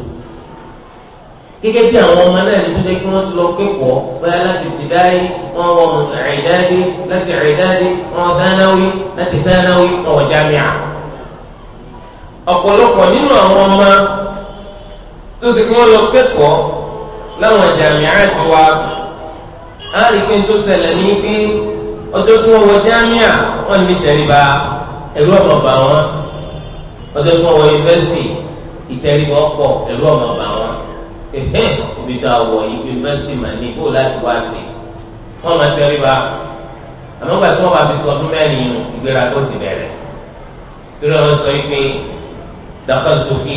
Speaker 1: gẹ́gẹ́ bí àwọn ọmọ náà níbi jẹ́ kí wọ́n ti lọ kẹ́kọ̀ọ́ bóyá láti tìdáyé wọ́n wọ ẹ̀ẹ́dáde láti ẹ̀ẹ́dáde wọ́n tó ti kí wọ́n lọ kẹ́kọ̀ọ́ láwọn jàmíà ti wá á rí pé tó ṣẹlẹ̀ ní pé ọjọ́ tí wọ́n wọ jàmíà wọ́n ní tẹríba ẹ̀rú ọ̀mọ̀ bá wọn ọjọ́ tí wọ́n wọ yunifásitì ìtẹríba ọ̀pọ̀ ẹ̀rú ọ̀mọ̀ bá wọn ẹ̀hẹ́ òbí tó àwọ̀ yunifásitì mà ní kó láti wá sí wọ́n máa tẹríba àmọ́ gbà tí wọ́n bá fi sọ ọdún mẹ́rin ìgbéra tó ti bẹ̀rẹ̀ tó fi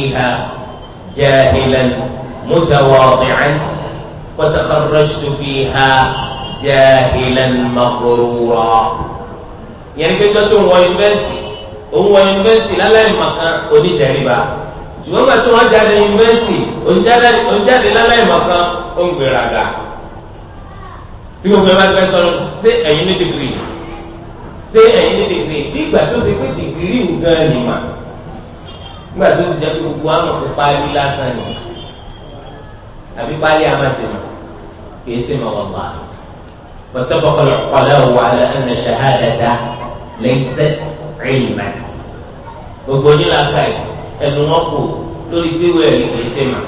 Speaker 1: جاهلا متواضعا وتخرجت فيها جاهلا مغرورا يعني كنت هو يونيفرسيتي هو يونيفرسيتي لا لا مكان ودي تقريبا ṣùgbọ́n bá tí wọ́n jáde yunifásitì òǹjáde láláìmọ̀ kan ó ń gbéra ga bí mo fẹ́ bá fẹ́ sọ̀rọ̀ ṣé ẹ̀yin ní dìgírì ṣé ẹ̀yin ní dìgírì bí ìgbà tó ti pé dìgírì ń gan ni mà nígbà tó jẹ́ pé gbogbo àwọn kò parí lásán ni àbí parí àmàtìmọ̀ kìí sí ma wọ́n bá a. واتفق العقلاء على أن الشهادة ليست علما gbogbo ní làákàyè ẹnu wọn kò lórí píwé ẹ̀rí kìí ṣe mà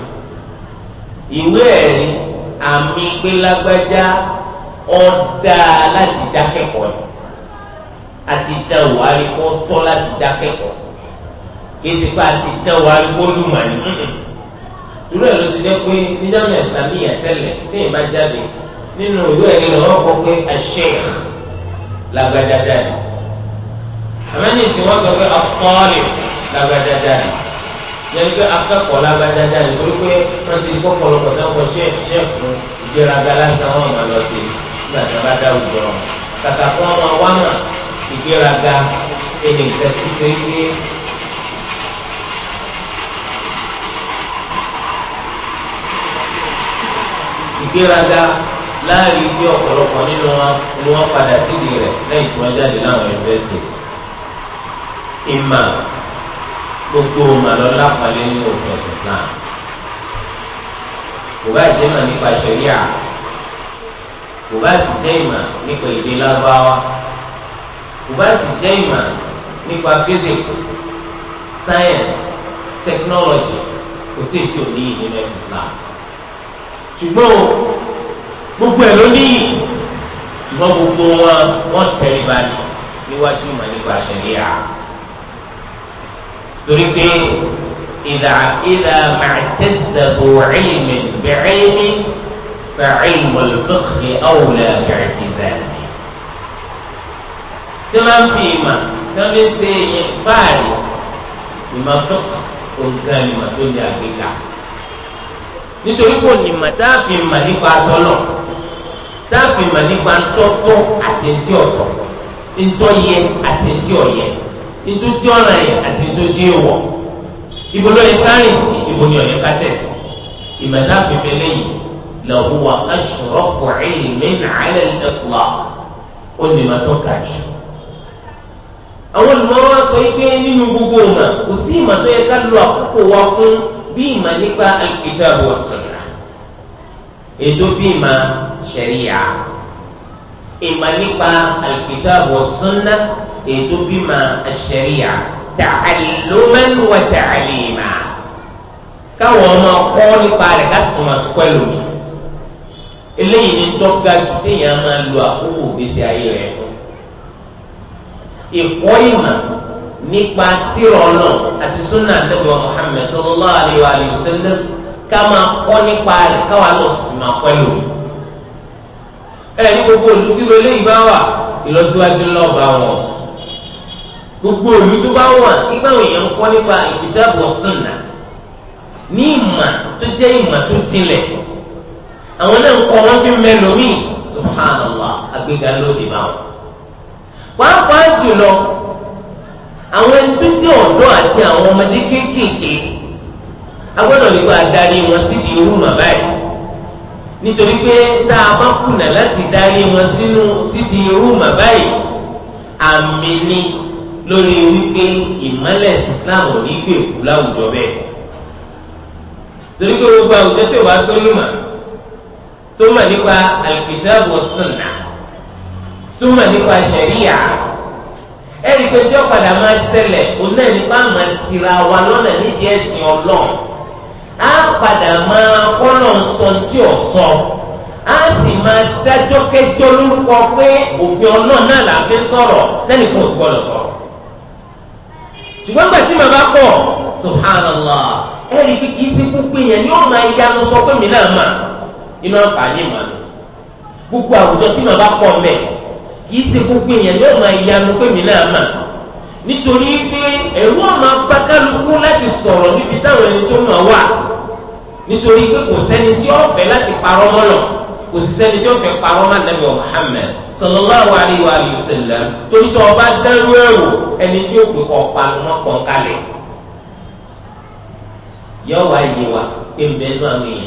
Speaker 1: ìwé ẹ̀rí àmì gbélágbájá ọ̀dà láti dákẹ́kọ̀ọ́ àti dáwọ́ àríkọ́ tọ́ láti dákẹ́kọ̀ọ́ ìsìnkú àti tẹ́wọ́ arúgbóòlù màní. Irú ẹ̀ ló ti jẹ́ pé níjàmù ẹ̀sàmì ìyàtẹ̀lẹ̀ tí ìbá jáde nínú ìwé ẹ̀rí rẹ̀ wọ́n kọ pé àṣẹ làgbàdàdà ni. Àmẹ́ni tí wọ́n sọ pé afọ́ọ̀lì làgbàdàdà ni. Yẹ́nì pé akẹ́kọ̀ọ́ làgbàdàdà ni torí pé wọ́n ti kọ́ pọ̀lọpọ̀ tó ń kọ ṣẹ́ ṣẹ́ fún ìgbéraga lásán wọn mà lọ sí nígbà bá dá òjò rọ̀. ìgbéraga láàrin bí ọ̀pọ̀lọpọ̀ nínú wọn ni wọ́n padà sídìí rẹ̀ lẹ́yìn tí wọ́n jáde láwọn yunifásitì. ìmà gbogbo màlọ́lá pàlẹ́ nínú òfin ọ̀sán náà. kò bá jẹ́ mà nípa ṣẹ̀ríà kò bá sì jẹ́ ìmà nípa èdè lágbáwá kò bá sì jẹ́ ìmà nípa físíkù sáyẹ̀nsì tẹkinọ́lọ́jì kò sí ètò ní ìdílé ìsìlámù ṣùgbọ́n gbogbo ẹ̀ ló níyì ṣùgbọ́n gbogbo wọn wọ́n tẹ̀lé balẹ̀ níwájú ìmọ̀ nípa àṣẹlẹ̀ à. torí pé ìdá ìdá màtẹ́sàbò ẹ̀yìnmí bẹ̀rẹ̀mí fẹ̀ẹ́yìnmọ̀ lọ́kùnrin ọ̀wùlẹ̀ gàdìdà. tí wọ́n fi ìmọ̀ tí ṣe ìyẹn fáàlì ìmọ̀ tó òǹkà ìmọ̀ tó ní àgbéga nítorí kò ní mà tá a fi mà nípa tọ́lọ̀ tá a fi mà nípa ntọ́tọ́ àtẹ̀ntì ọ̀tọ̀ ntọ́yẹ àtẹ̀ntì ọ̀yẹ ntọ́tí ọ̀nà yẹ àtẹ̀ntì ọ̀dí ìwọ̀ ibo ló yẹ kárìn sí ibo ni ọ̀yẹ kátẹ̀ ìmọ̀ tá a fi fẹ́ lẹ́yìn lọ́wọ́ wa aṣọ̀rọ̀ kọ̀ ẹ̀yìn mẹ́rin àlẹ́ ẹ̀kúwa ó ní ma tó kà jù àwọn olùmọ̀wá sọ pé nínú gbogbo ọ̀nà kò sí ìmọ̀ bí ìmọ̀ nípa al-kitabu wa sunnah ètò bí ìmọ̀ ṣẹ̀ríyà ìmọ̀ nípa al-kitabu wa sunnah ètò bí ìmọ̀ ṣẹ̀ríyà ta'alluman wa ta'lima káwọn ọmọ kọ́ nípa rẹ̀ láti ọmọ pẹ̀lú mi eléyìí ni tọ́ka téèyàn máa àkókò gbèsè ayé rẹ̀ fún ìkọ́ ìmọ̀. nípa tírà ọ̀nà àti súnà àtẹ̀wọ̀ Muhammad sallallahu alaihi wa alihi wasallam ká máa kọ́ nípa rẹ̀ káwa lọ sí máa gbogbo òlù kí wọlé yìí wà ìlọsíwájú ńlá ọba gbogbo òlù tó bá wà nígbà èèyàn kọ́ nípa ìdíjábọ̀ súnà ní ìmọ̀ tó jẹ́ ìmọ̀ tó tilẹ̀ àwọn náà ń subhanallah àwọn ẹni tó jẹ́ ọ̀dọ́ àti àwọn ọmọdé kéékèèké agbọ́dọ̀ nípa adarí wọn síbi irú màbá yìí nítorí pé tá a bá kùnà láti darí wọn sínú síbi irú màbá yìí àmì ni lórí wípé ìmọ̀lẹ̀ Islam ò ní gbè kú láwùjọ bẹ́ẹ̀ torí pé gbogbo àwùjọ tó wà tó lùmọ̀ tó mọ̀ nípa al-kitab wa sunnah tó mọ̀ nípa ṣẹ̀ríyà. ẹnì pé tí ọ̀padà máa ṣẹlẹ̀ òun náà ní bá máa tira wa lọ́nà nídìí ẹ̀sìn ọlọ́run á padà máa kọ́nà sọ tí ò sọ á sì máa dájọ́ kẹjọ́ lórúkọ pé òfin ọlọ́run náà là fi sọ̀rọ̀ lẹ́nu kò gbọ́dọ̀ sọ̀rọ̀ ṣùgbọ́n gbà màmá kọ̀ subhanallah ẹnì pé kì ti kú pé yẹn máa sọ kìí ṣe gbogbo èèyàn yóò máa yanu pé mi náà mà nítorí pé ẹ̀rú ọ̀nà pákálukú láti sọ̀rọ̀ níbi táwọn ẹni tó mọ̀ wà nítorí pé kò sẹ́ni tí ó fẹ́ láti parọ́ mọ́lọ̀ kò sì sẹ́ni tí ó fẹ́ parọ́ mọ́ nàbí Muhammad sallallahu alaihi wa sallam torí tí ọba dárú ẹ̀rù ẹni tí ó pè kọ́ pa mọ́ kàn kalẹ̀ yọ wá iye wa pé ń bẹ́ẹ̀ náà mi yàn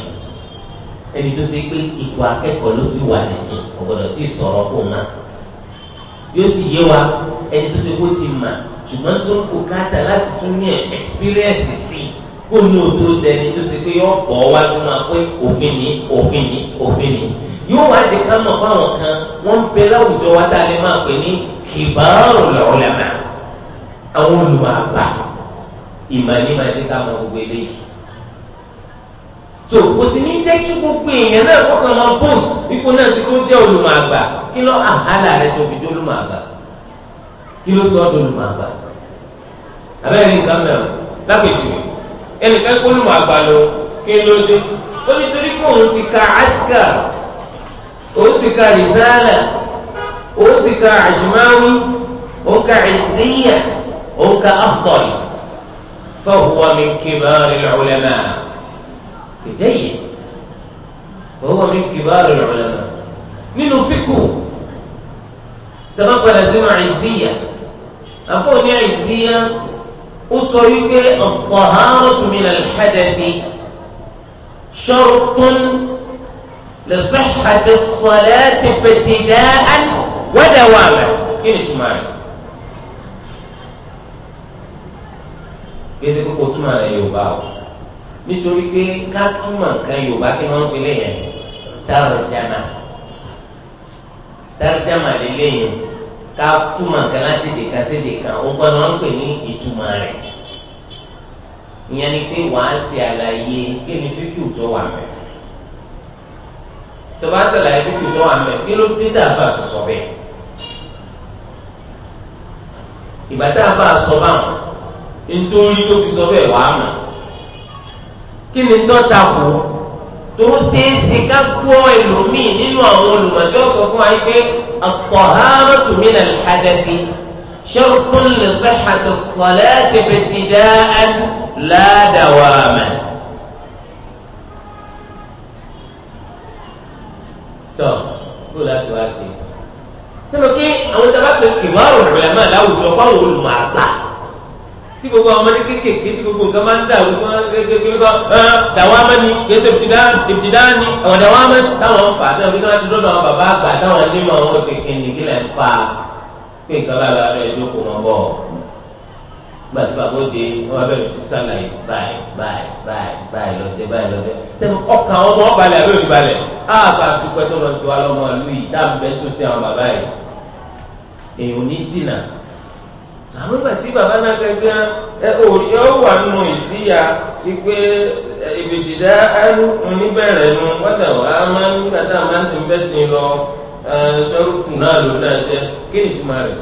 Speaker 1: ẹni tó ṣe pé ipò akẹ́kọ̀ọ́ ló sì wà nìyí ọ̀gbọ́dọ̀ sì sọ̀rọ̀ kó máa yóò sì yé wa ẹni tó ṣe kó ti mà ṣùgbọ́n tó ń kó káàtà láti tún ní ẹ̀kspíríẹ̀nsì sí i kó ní odò dẹni tó ṣe pé yóò bọ̀ wá ló máa pé òfin ni òfin ni òfin ni yóò wá di ká mọ̀ fáwọn kan wọ́n ń bẹ láwùjọ wa tá a lè máa pè ní kìbáàrò lọ́ọ̀lẹ́mà àwọn olùmọ̀ ìmọ̀ ní màdíkà mọ̀ gbogbo eléyìí tó kò sì ní jẹ́ kí gbogbo èèyàn náà kó kàn máa bùn ipò náà ti tó jẹ́ olùmọ̀ àgbà kí ló àhálà rẹ tó fi jẹ́ olùmọ̀ àgbà kí ló sọ ọ́ olùmọ̀ àgbà abẹ́rẹ́ ní nǹkan mẹ́rin lápẹ̀jù ẹnìkan kó olùmọ̀ àgbà lọ kí ló dé ó ní torí kó òun ti ka àtìkà òun ti ka rìsáàlà òun ti ka àjùmáwí òun ka ìsìnyà òun ka àfọ̀yì fọ́ọ̀hùwà min kibari al-ulama. إليه وهو من كبار العلماء منه فكه تبقى لازم عزية أقول يا عزية أطرق الطهارة من الحدث شرط لصحة الصلاة ابتداء ودواما كيف تسمعني كيف تسمعني يا nítorí pé kátúmọ̀ kan yorùbá kí wọ́n fi lé yẹn dáròjàmà dáròjàmà lè lé yẹn kátúmọ̀ kan láti dèkà sí dèkà ó gbọ́dọ̀ ń pè ní ìtumọ̀ rẹ̀ ìyẹn ni pé wàá ṣe àlàyé kí ni fíkì tó wà mẹ́ tó bá ṣàlàyé fíkì tó wà mẹ́ kí ló dé dàbà tó sọ bẹ́ẹ̀ ìbátan bá a sọ báwọn nítorí tó fi sọ bẹ́ẹ̀ wàá mọ̀. kí ni tó ta kù ó tó ṣe é ṣe ká kú ọ ẹlòmíì nínú àwọn olùmọ̀jọ́ sọ fún wa yìí ha pé at-taharatu min al-hadathi shartun li sihhati as-salati ibtida'an la dawaman. tọ́ kó láti wá sí i. sọ́nà kí àwọn tábà pé kìbáàrò rẹ̀ máa láwùjọ fáwọn olùmọ̀ àgbà. tí gbogbo àwọn ọmọdé kéékèèké tí gbogbo nǹkan máa ń dà wọ́n máa ń kéékèèké bá dàwọn amáni kéésì ìbìdá ni àwọn dàwọn amáni táwọn ń fà náà bí wọ́n ti dọ́dọ̀ àwọn bàbá àgbà táwọn ní ma wọn ti kí nìkí lẹ́ ń fa pé nǹkan bá la rẹ̀ ló kó wọn bọ̀. gbà tí bàbá òde wọn bá bẹ̀rẹ̀ sísá láì báyìí báyìí báyìí báyìí lọ́sẹ̀ báyìí lọ́sẹ̀ tẹ́lẹ̀ ọkàn àwọn ọmọ balẹ̀ àbẹ́ òde balẹ̀ áàbà dúpẹ́ tó lọ sí wa lọ́mọ àwọn ìgbà tí bàbá náà kẹgbẹ́ ẹ òòrì ọ wà nù ìdíyà wípé ìbèjìdá ẹnu oníbẹ̀rẹ̀ nu wọ́tà wà á máa ń nígbà tá a máa ń ti bẹ́ sí lọ sọ́rùkù náà ló náà jẹ́ kí ni ìtumọ̀ rẹ̀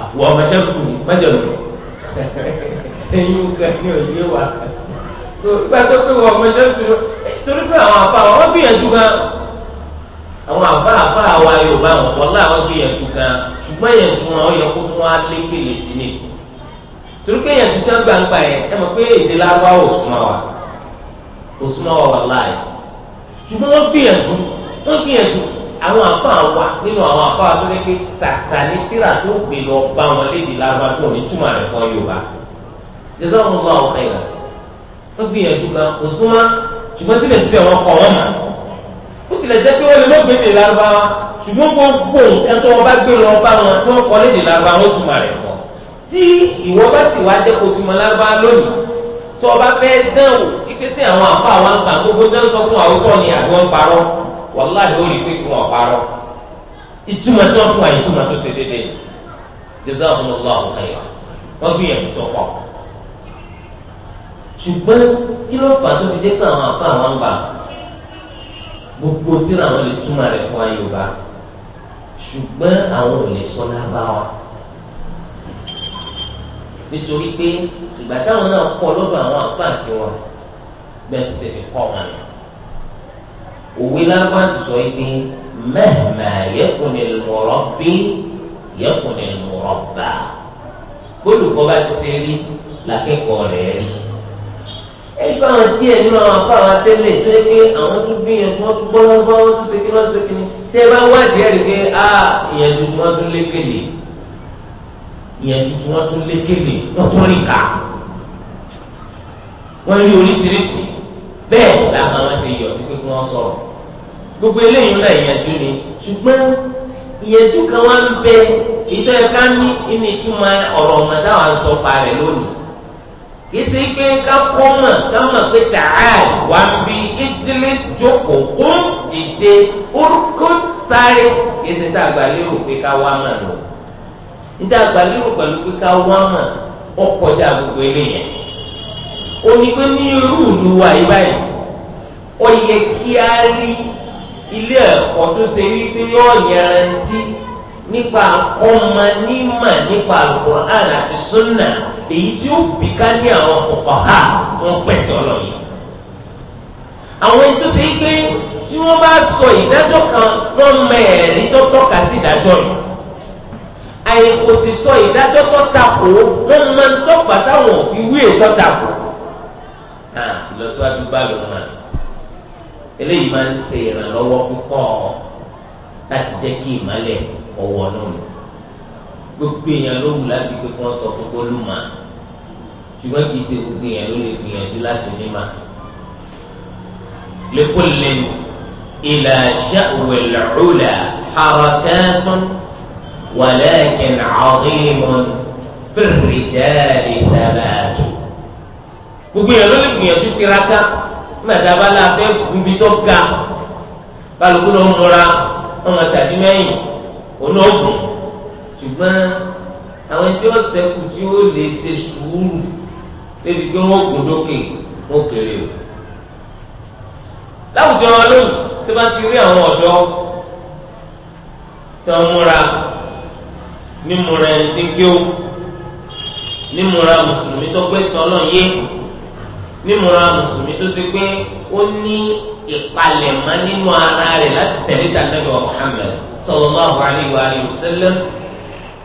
Speaker 1: àwọn ọmọdé kù ní májèlú <laughs> ẹ̀yin ga ní òye wa ìgbà tó pé wọ́n ọmọdé kù torí pé àwọn àpá wọn bí ẹ̀dùn gan àwọn àbá àbá àwa yorùbá wọn wọn láwọn gbé yẹn kú gan ṣùgbọ́n yẹn fún wọn ó yẹ kó fún wa lékele sí ni torí pé yẹn ti tán gbangba yẹn ẹ mọ̀ pé èdè láwa ò súnmọ́ wa ò súnmọ́ wa wà láàyè ṣùgbọ́n wọ́n gbé yẹn fún wọ́n gbé yẹn fún àwọn àfa wa nínú àwọn àfa wa tó lé pé tàtà ní tíra tó gbé lọ bá wọn léde láwa tó ní túmọ̀ rẹ̀ fún yorùbá ṣèṣọ́ wọn bá wọn kẹ́yà wọ́n ò súnmọ́ ṣùgbọ́n ó tilẹ̀ jẹ́ pé wọ́n lè lọ́ọ́ gbèdè lárúbáwá ṣùgbọ́n gbogbo nǹkan tó wọ́n bá gbé lọ bá wọn tí wọ́n kọ́ lédè lárúbáwá ó túmọ̀ rẹ̀ kọ́ tí ìwọ bá sì wá jẹ́ kó túmọ̀ lárúbáwá lónìí tó o bá fẹ́ dán o ike tí àwọn àpá àwọn àgbà gbogbo dán sọ fún àwọn tó ní àgbọ̀ ń parọ́ wàláhì ó rí i pé kí wọ́n parọ́ ìtumọ̀ tó fún àyè ìtumọ̀ tó ṣe déédéé jésù àwọn ọlọ́wọ́ àwọn ẹ̀yà wọ́n gbìyànjú tó pọ̀ ṣùgbọ́n kí ló fà tó fi dé pé àwọn àpá àwọn àgbà gbogbo tíra àwọn lè túmọ̀ rẹ̀ fún Yorùbá ṣùgbọ́n àwọn ò lè sọ lábáwá nítorí pé ìgbà táwọn náà kọ́ lọ́dọ̀ àwọn àpáǹtì wọn bẹ́ẹ̀ ti fi kọ́ wọn lọ. òwe lábá ti sọ pé mẹ́hìnmá yẹ́kùnrin lọ́rọ́ bí yẹ́kùnrin lọ́rọ́ bá olùkọ́ bá ti fẹ́ rí làkẹ́kọ̀ọ́ rẹ̀ rí ẹgbẹ́ àwọn díẹ̀ nínú àwọn afọ àwọn atẹ́lẹ̀ tó yẹ pé àwọn tó gbìyànjú wọn tó gbọ́ wọn gbọ́ wọn tó ṣe kí wọ́n ṣe kí ni tẹ́ ẹ bá wádìí ẹ̀rí pé a ìyẹ̀dù tí wọ́n tún lé kéde ìyẹ̀dù tí wọ́n tún lé kéde wọ́n tún rìn ká wọ́n rí oríṣiríṣi bẹ́ẹ̀ làwọn àwọn ti yọ̀ sí pé kí wọ́n sọ̀rọ̀ gbogbo eléyìí ńlá ìyẹ̀dù ni ṣùgbọ́n ìyẹ̀dù kan wá ń bẹ ìtọ́ ẹ̀ká ní ìtumọ̀ ọ̀rọ̀ ọ̀nà táwọn sọ pa rẹ̀ lónìí ese ike kákọ́mọ̀ kámọ̀ pé tààlì wà ń bi ìdílé jókòó kún ìdè orúkún sáré kìsì tá àgbàlérò pé ká wá mà lọ. níta àgbàlérò pẹ̀lú pé ká wá mà ó gbogbo eléyẹn. òní ní irú ìlú wa èyí tí ó bì ká ní àwọn ọ̀pọ̀ ha wọ́n pẹ̀tọ́ lọ yìí. àwọn ètò ti ń gbé tí wọ́n bá sọ ìdájọ́ kan wọ́n mẹ́ẹ̀ẹ́rì tó tọ́ka sí ìdájọ́ yìí. àìkò sì sọ ìdájọ́ tó takò wọ́n máa ń tọ́pa táwọn òfin wí ètò takò. ìlọsíwájú bá lò wọn. eléyìí máa ń ṣe ìrànlọ́wọ́ púpọ̀ láti jẹ́ kí ìmọ̀lẹ̀ ọwọ́ náà lò gbogbo èèyàn ló wù láti pé kí wọ́n sọ fún gbólúmọ̀ ṣùgbọ́n kì í ṣe gbogbo èèyàn ló lè gbìyànjú láti mímọ̀. lẹ́kọ̀ọ́lẹ́ ìlà ṣàwẹ̀ lọ́rùlà harakatun walakin azimun fìrìdẹ́rì sàbàtù. gbogbo èèyàn ló lè gbìyànjú tiraka mẹ́ta bá la fẹ́ tó ga balùwẹ̀ ló múra ọmọ tàbí mẹ́yìn òun ṣùgbọ́n àwọn ẹbí ọ̀sẹ̀ kù tí ó lè ṣe sùúrù débi pé wọ́n gùn dókè wọ́n kéré o. láwùjọ ọlọ́run tí wọ́n ti rí àwọn ọ̀dọ́ tó ń múra mímúra ẹni tí ń gbé o mímúra mùsùlùmí tó gbé tán náà yé mímúra mùsùlùmí tó ti pé ó ní ìpalẹ̀mọ́ nínú ara rẹ̀ láti tẹ̀lé tàbí ọ̀hánmẹ́ sallallahu alaihi wa sallam.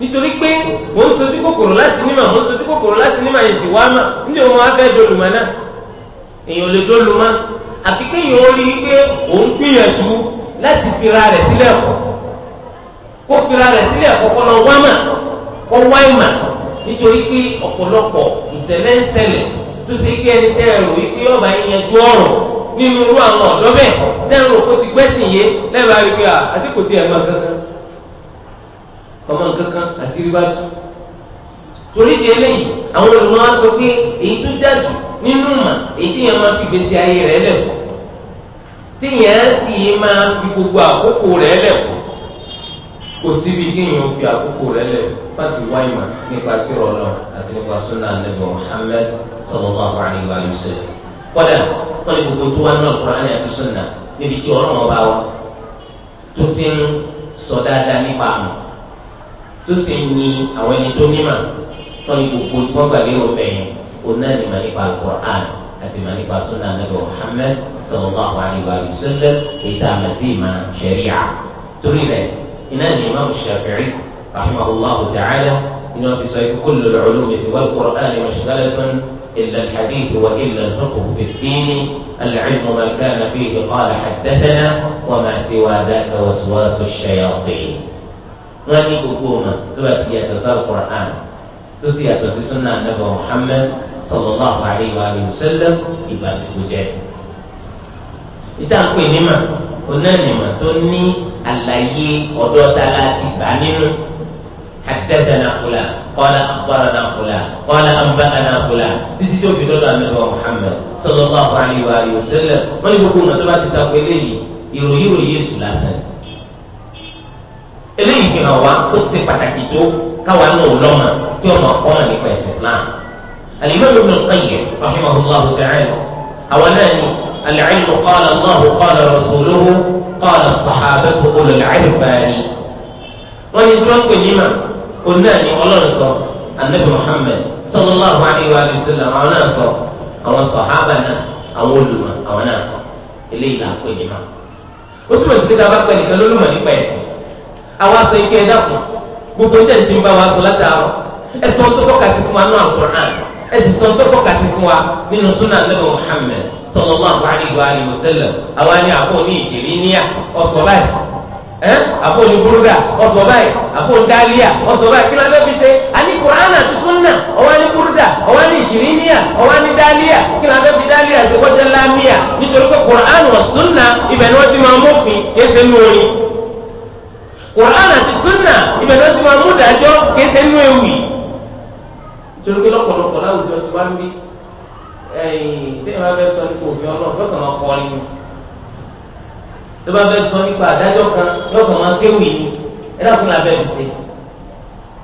Speaker 1: nítorí pé mò ń sojú kòkòrò láti nímà mò ń sojú kòkòrò láti nímà yìí ti wá mà níbi òun wá fẹ́ dolùmọ̀ náà èèyàn lè dolùmọ̀ àti pé èèyàn ó rí i pé òun gbìyànjú láti fira rẹ̀ sílẹ̀ kọ́ kó fira rẹ̀ sílẹ̀ kọ́ kọ́ lọ wá mà kọ́ wá ìmà nítorí pé ọ̀pọ̀lọpọ̀ ìṣẹ̀lẹ̀ ń ṣẹlẹ̀ tó ṣe kí ẹni tẹ́ ẹ̀rọ yìí pé ọba ìyẹnjú ọ̀rọ̀ nínú irú àwọn ọ̀dọ́ bẹ́ẹ̀ tẹ́ kó ti gbẹ́sìn yé lẹ́ẹ̀bà rí ọmọ kankan àti rí bá dùn. torí di eléyìí àwọn olùmọ̀ á sọ pé èyí tó jáde nínú mà èyí tí yẹn máa fi gbèsè ayé rẹ̀ lẹ̀kọ́ tí yẹn sì máa fi gbogbo àkókò rẹ̀ lẹ̀kọ́ kò síbi kí yẹn fi àkókò rẹ̀ lẹ̀kọ́ láti wá ìmọ̀ nípa tìrọ̀ lọ àti nípa súnà nẹ́bọ̀ Muhammad sallallahu alaihi wa sallam. kọ́dà wọ́n ní gbogbo tó wá náà Kùránì àti súnà níbi tí ọ̀rọ̀ wọn bá wa tó ti ń sọ dáadáa nípa àmọ́. tó ti ní àwọn ẹni tó nímà tó ni gbogbo tí wọn gbàgbé wọn bẹ̀ yẹn òun náà ní ma nípa alukur'an àti ma nípa sunna anabi muhammed sọlọ bá wa ní sallam ètò àmàdé ma ṣẹ̀ríà torí rẹ̀ iná ní imam shafi'i rahimahullahu ta'ala iná fi sọ ikú kúlù kullu al-ulumi wal qur'an mashghalatun إلا الحديث وإلا الفقه في الدين العلم ما كان فيه قال حدثنا وما سوى ذاك وسواس الشياطين wọn ní gbogbo ọmọ tó bá ti yàtọ̀ sí alukur'an tó ti yàtọ̀ sí sunna anabi muhammed sallallahu alayhi wa sallam ìgbà tó jẹ. ìtàkùn ìnímà onánìmà tó ní àlàyé ọ̀dọ́ta láti gbà nínú حدثنا فلان قال اخبرنا فلان قال انبانا فلان títí tó fi dọ́dọ̀ anabi muhammed sallallahu alayhi wa sallam wọn ní gbogbo ọmọ eléyìí fi hàn wá ó ti pàtàkì tó káwa náà lọ́mọ tí ọmọ ọ̀pọ̀nà nípa ẹ̀sìn Islam Al-Imam Ibn Qayyim rahimahullahu ta'ala àwọn náà ni al-'ilmu qala Allahu qala rasuluhu qala as-sahabatu ulul 'irfani wọ́n ní tó ń pè ní mà òun náà ni ọlọ́run sọ anabi Muhammad sallallahu alayhi wa sallam àwọn náà sọ àwọn sọ̀hábà náà àwọn olùmọ̀ àwọn náà sọ eléyìí là ń ó túmọ̀ sí ká bá pẹ́ nìkan lólùmọ̀ nípa ẹ̀sìn àwa sọ ike ẹ̀dá fún gbogbo ẹ̀dá ti ń bá wa sọ látàárọ̀ ẹ̀sùn tó tọ́ka sí fún wa nínú Al-Qur'an ẹ̀sùn tó tọ́ka sí fún wa nínú súnà lẹ́wọ̀n Muhammad sallallahu alaihi wa alihi wa àwa ni àbọ̀ ní ìjìrí níyà ọ̀sọ̀ báyìí ẹ́ àbọ̀ ní búrúdà ọ̀sọ̀ báyìí àbọ̀ ní dálíà ọ̀sọ̀ báyìí kí ló dé fi ṣe àní Qur'an àti súnà ọ̀wá ní búrúdà ọ̀wá ní ìjìrí níyà ọ̀wá ní dálíà kí ló dé fi dálíà ṣe kọjá lámíà nítorí pé Qur'an wà súnà ibẹ̀ ni wọ́n ti máa mọ́fin kí Quran àti Sunna ibẹ̀ ló ti máa mú dájọ́ kéde nínú ewì nítorí pé lọ́pọ̀lọpọ̀ láwùjọ ti wá ń bí ẹ̀yìn tí ìwà fẹ́ sọ nípa òfin ọlọ́run lọ́kàn máa kọ́ ni tó bá fẹ́ sọ nípa àdájọ́ kan lọ́kàn máa kéwì ni ẹ dákun lábẹ́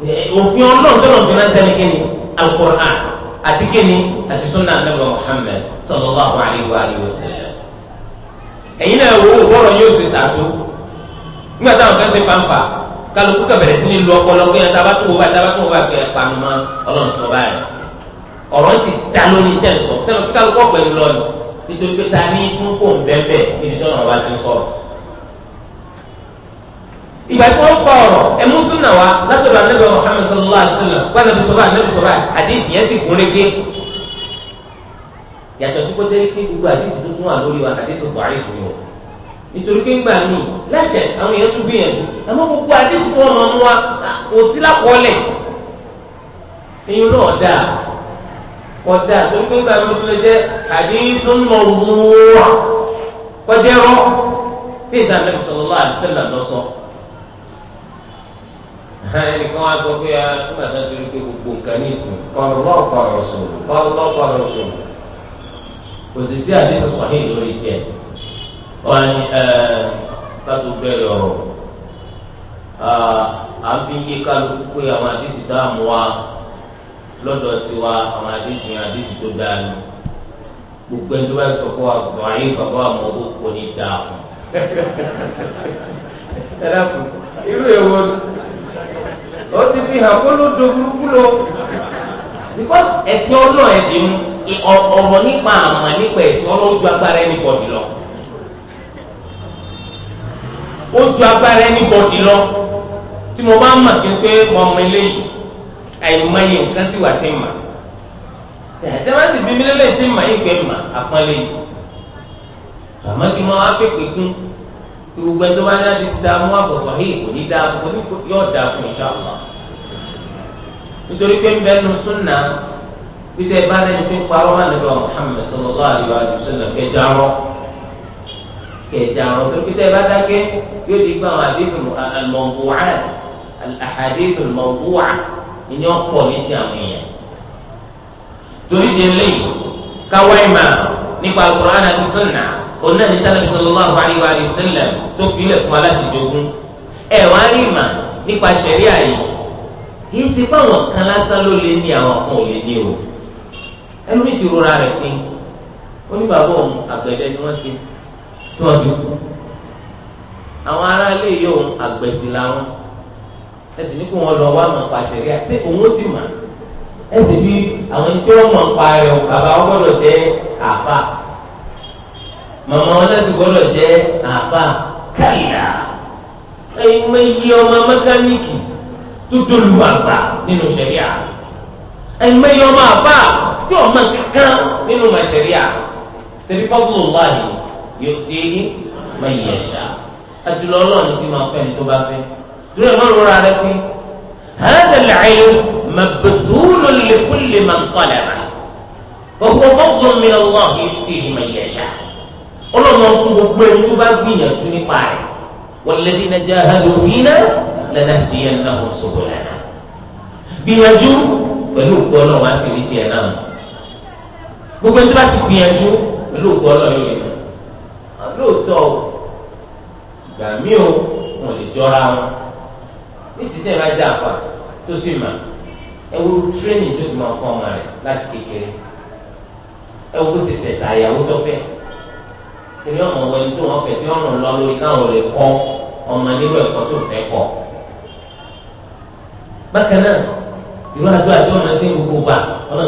Speaker 1: ìdè òfin ọlọ́run tó lọ́n fi máa tẹ́lẹ̀ kí ni Al-Quran àti kí ni àti Sunna Ànábì Muhammad sallallahu alaihi wa alihi wa sallam ẹ̀yin náà wo ìwọ́rọ̀ nígbà táwọn kan ṣe fanfa kálukú kẹbẹ̀rẹ̀ sí ní lu ọpọlọ pé ẹ̀ta bá tó wọ́n báyìí tábà tó wọ́n báyìí kẹ́ panu mọ́ ọlọ́run tó báyìí ọ̀rọ̀ ti dá lórí tẹ̀sán tẹ̀sán kí kálukú ọ̀pẹ̀ lọ ni nítorí pé ta ní tún kò ń bẹ́ẹ̀ níbi tí ọ̀nà wa ti sọ̀rọ̀. ìgbà tí wọ́n kọ ọ̀rọ̀ ẹ̀mú tún nà wá látọ̀rọ̀ anábẹ́ Muhammad sallallahu alaihi wasallam wọn àti sọ́ba anábẹ́ sọ́ba àdéhìí yẹn ti gún régé. yàtọ̀ sí kó dé pé gbogbo àdéhìí tuntun wà lórí wa àdéhìí tó nítorí pé ń gbà mí lẹ́sẹ̀ àwọn èèyàn tún gbìyànjú àmọ́ gbogbo àdéhùn tó ọmọ wa kò sí lákọọ́lẹ̀ ẹ̀yin náà dáa kọjá tó ń gbégbá mi tó lè jẹ́ àdéhùn tó ń lọ wúwa kọjá rọ tí ìdáná sallallahu alaihi wasallam lọ́sọ. ẹnìkan wá sọ pé a túmọ̀ náà torí pé gbogbo nǹkan ní ìtù kọ̀ọ̀lọ́ kọ̀ọ̀rọ̀ sùn kọ̀ọ̀lọ́ kọ̀ọ̀rọ̀ sùn kò sì sí àdéhùn sọ̀hìn lórí jẹ́ wọ́n ní kátó bẹ̀rẹ̀ ọ̀rọ̀ à ń fi yé kálukú pé àwọn àdéhùn dáàmú wa lọ́dọ̀ tiwa àwọn àdéhùn àdéhùn tó dáa ni gbogbo ẹni tó bá sọ fún wa bàáyé bàbá àmọ́ owó kò ní dáa fún irú èwo ó ti fi hàn kó ló do burúkú lo because ẹ̀sìn ọlọ́ọ̀ mu ọ̀rọ̀ nípa àmọ́ nípa ẹ̀sìn ọlọ́ọ̀ agbára ẹni bọ̀dì lọ. ó ju agbára ẹni bọ̀dì lọ tí mo bá ń mọ̀ kí n pé mo mọ eléyìí àìmọye nǹkan sì wà sí mà tẹ̀sán bá sì fi mí lélẹ̀ sí mà ìgbẹ́ mà àpọ́nlé yìí àmọ́ kí wọ́n á pèpè kún kí gbogbo ẹni tó bá dá ti da mú àbọ̀sọ̀ yìí kò ní dáa kò ní yọ̀ dáa fún ìṣá ọ̀la nítorí pé ń bẹ nu súnà títẹ̀ bá dẹ́ni pé parọ́ máa nílò Muhammad sallallahu alaihi wa sallam kẹjọ arọ́ kẹjà àwọn tó pété bá dákẹ́ yóò di gbọ́ àwọn àdéhùn àlọ́mọ̀wá àdéhùn mọ̀wá ìyẹn ọ̀pọ̀ ní ti àwọn èèyàn. torí di eléyìí káwá ìmọ̀ nípa Al-Qur'an àti Sunna onáà ní sálẹ̀ sallallahu alaihi wa sallam tó fi ilẹ̀ fún aláti jogún. ẹ̀ wá rí ìmọ̀ nípa ṣẹ̀ríà yìí kì í ti báwọn kan lásán ló lé ní àwọn kan ò lé ní o ẹnu mi ti rora rẹ̀ pín oníbàbọ̀ àgbẹ̀dẹ ni wọ́n ti tí wọ́n ti kú àwọn aráalé yìí òun àgbẹ̀sì làwọn ẹsì ní kó wọn lọ wá mọ̀ pàṣẹ rí àti òun ó sì mà ẹsì bí àwọn tí wọ́n mọ̀ pa rẹ̀ ò bàbá wọn gbọ́dọ̀ jẹ́ àbá màmá wọn láti gbọ́dọ̀ jẹ́ àbá kàlà ẹ̀yin mẹ́yẹ ọmọ mẹkáníìkì tó dolù àgbà nínú sẹ̀ríà ẹ̀yin mẹ́yẹ ọmọ àbá tí ọmọ kankan nínú mẹsẹ̀ríà tẹ̀lé pọ́pùlù wáyé yòókèéyí mẹyẹsà àdúrà ọlọ́run ti máa fẹ́ ni tó bá fẹ́ dúró ìmọ̀ ìrora rẹ fún hàn lẹ́yìn mẹbẹ̀dúró lẹ́kúlẹ̀ máa ń kọ́lẹ̀ rà gbogbo gbogbo mi ọlọ́ yòókèéyí mẹyẹsà ọlọ́run fún gbogbo ẹni tó bá gbìyànjú nípa rẹ̀ wọlẹ́dí nàjà hàlùmínà lẹ́nà díẹ̀ náà wọ́n sọ̀rọ̀ lẹ́nà gbìyànjú pẹ̀lú gbọ́dọ̀ wá sí ibi tiẹ̀ náà gbogbo ẹni tó bá ti gbìyànjú pẹ̀lú gbọ́dọ̀ yóò lóòótọ́ o ìgbà míì o wọn lè jọra wọn ní ti sẹ́yìn máa tosima tó sì mà ẹ wo tírénì tó ti máa fọ́ ọmọ láti kékeré ẹ wo ti tẹ̀sà ìyàwó tó tẹ̀lé ọmọ wọn tó wọn fẹ́ tí wọ́n lọ lórí káwọn lè kọ́ ọmọ nínú ẹ̀kọ́ tó fẹ́ kọ́ bákan náà gbogbo gbà ọmọ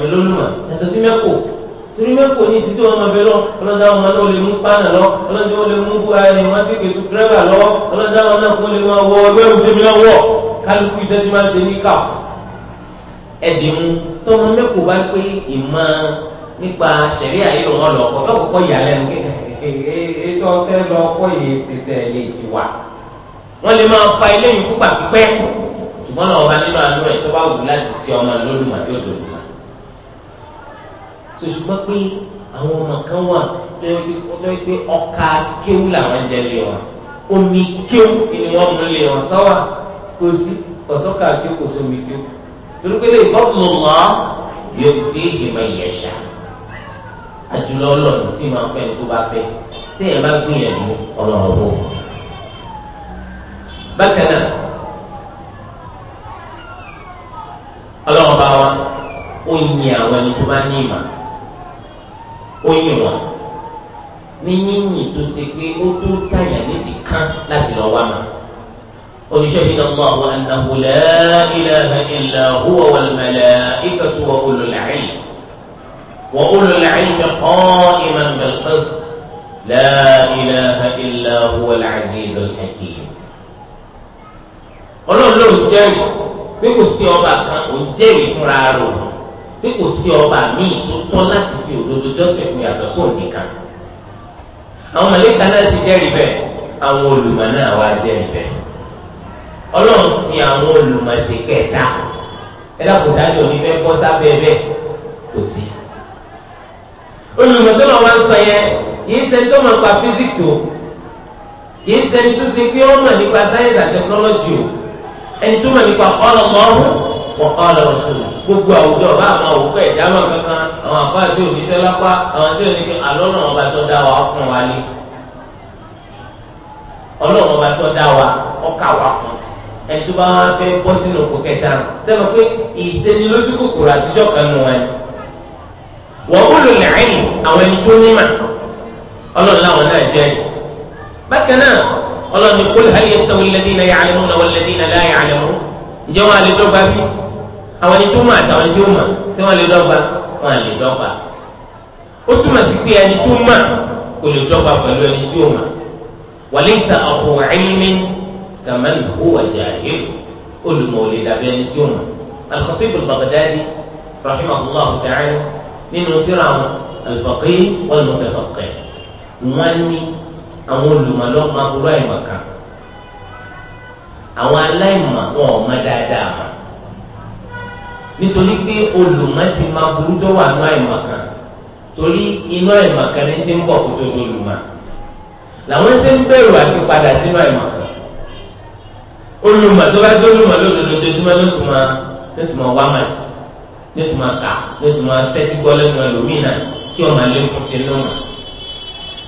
Speaker 1: mi torí pé kò ní ìdí tó ọmọ bẹ lọ ọlọ́dà wọn náà lè mú pánà lọ ọlọ́dà wọn lè mú bu ẹni wọn ti kẹtù dírẹ́bà lọ ọlọ́dà wọn náà kó lè máa wọ ọgbẹ́ òfin lọ́wọ́ kálukú ìtẹ́jú máa ń ṣe ní ká ẹ̀dì mu tọmọ mẹ́kọ̀ọ́ bá pé ìmọ̀ nípa ṣẹ̀rí àyè wọn lọ ọkọ̀ bá kọ́kọ́ yà lẹ́nu ètò ọ̀fẹ́ lọ ọkọ̀ yìí ti tẹ̀lé ìwà wọ́n lè máa fa ilé yìí fúgbà pípẹ́ ṣùgbọ́n náà ọba nínú àánú ẹ̀ tó bá wù láti fi ọmọ lórí màdí òdòdó tó ṣùgbọ́n pé àwọn ọmọ kan wà lọ́wọ́ pé ọkà kéwù làwọn ń jẹlé wọn omi kéwù ni wọ́n mú lé wọn sọ́wọ́ kò sí ọ̀sọ́kà kéwù kò sómi kéwù torí pé lè bọ́ọ̀lù mọ́ yóò fi ìmọ̀ ìyẹ̀ṣà àjùlọ ọlọ́run tí máa fẹ́ tó bá fẹ́ tí ẹ bá gbìyànjú ọlọ́run wò. bákan náà ọlọ́run bá wa ó yin àwọn ẹni tó bá ní ìmọ̀ ó yìn wọn ní yíyìn tó ṣe pé ó tó dáyà níbi kan láti lọ wá ma oníṣẹ́bí náà mọ àwọn ẹ̀nàwó lẹ́ẹ̀ẹ́lẹ́ ẹ̀ẹ́lẹ́ òwò wọn mẹ́lẹ́ ìkàtú wọn olùlàyìn wọn olùlàyìn bẹ kọ́ ìmọ̀ bẹ̀rẹ̀ lẹ́ẹ̀ẹ́lẹ́ ẹ̀ẹ́lẹ́ òwò làyìn lọ́sẹ̀kì. ọlọ́run ló ń jẹ́rìí pé kò sí ọba kan ò ń jẹ́rìí fúnra rẹ̀ òun pé kò sí ọba míì tó tọ́ láti fi òdodo jọ́sìn fún yàtọ̀ fún nìkan. àwọn mọ̀lẹ́ka náà ti jẹ́rìí bẹ́ẹ̀ àwọn olùmọ̀ náà wá jẹ́rìí bẹ́ẹ̀. ọlọ́run fi àwọn olùmọ̀ ti kẹta ẹ̀dá kò dájú òní fẹ́ kọ́ sábẹ́ bẹ́ẹ̀ kò sí. olùmọ̀ tó lọ wá ń sọ yẹn kì í sẹ́ni tó mọ̀ nípa físíkì o kì í sẹ́ni tó ti pé ó mọ̀ nípa sáyẹ́nsì àti tẹkinọ́lọ́jì o ẹni tó mọ̀ nípa kọ́ gbogbo àwùjọ bá àwọn òkú ẹ̀dá máa kankan àwọn àpá àti òníṣẹ́ lápá àwọn tí òní alọ́ náà wọn bá tọ́ dá wa fún wa ní. ọlọ́run bá tọ́ dá wa ọkà wa fún ẹni bá wá fẹ́ bọ́ sínú òkú kẹta sẹ́nu pé ìdánilójú kòkòrò àtijọ́ kan nù wọn. wọ́n ó lẹ́yìn àwọn ẹni tó nímà ọlọ́run láwọn náà jẹ́ bákan náà ọlọ́run ní kólé hali yẹn àwọn ẹni tó mọ̀ àtàwọn ẹni tó mọ̀ tí wọ́n lè dọ́gba wọ́n lè dọ́gba ó túmọ̀ sí pé ẹni tó mọ̀ kò lè dọ́gba pẹ̀lú ẹni tó mọ̀ wàlẹ́ǹtà ọ̀pọ̀ ẹ̀yìnmí kàmáà ní owó ọ̀jà yìí olùmọ̀ ò lè dàbí ẹni tó mọ̀ al-Khatib al-Baghdadi rahimahullah ta'ala nínú tírà wọn al-Faqih wal-Mutafaqih wọ́n ní àwọn olùmọ̀ máa burú àyè màkà àwọn aláìmọ̀ wọn ò má dáadáa nítorí pé olùmọ̀ ti máa burú tó wà nú àìmọ̀ kan torí inú àìmọ̀ kan ní ti ń bọ̀ kó tó di olùmọ̀ làwọn ti ń bẹ̀rù àti padà sínú àìmọ̀ kan olùmọ̀ tó bá dé olùmọ̀ lódodo tó túmọ̀ ló túmọ̀ ló túmọ̀ wá mọ̀ ló túmọ̀ kà ló túmọ̀ tẹ́tí gbọ́ lẹ́nu ẹlòmíì náà kí ọmọ lé kún sí lọ́mọ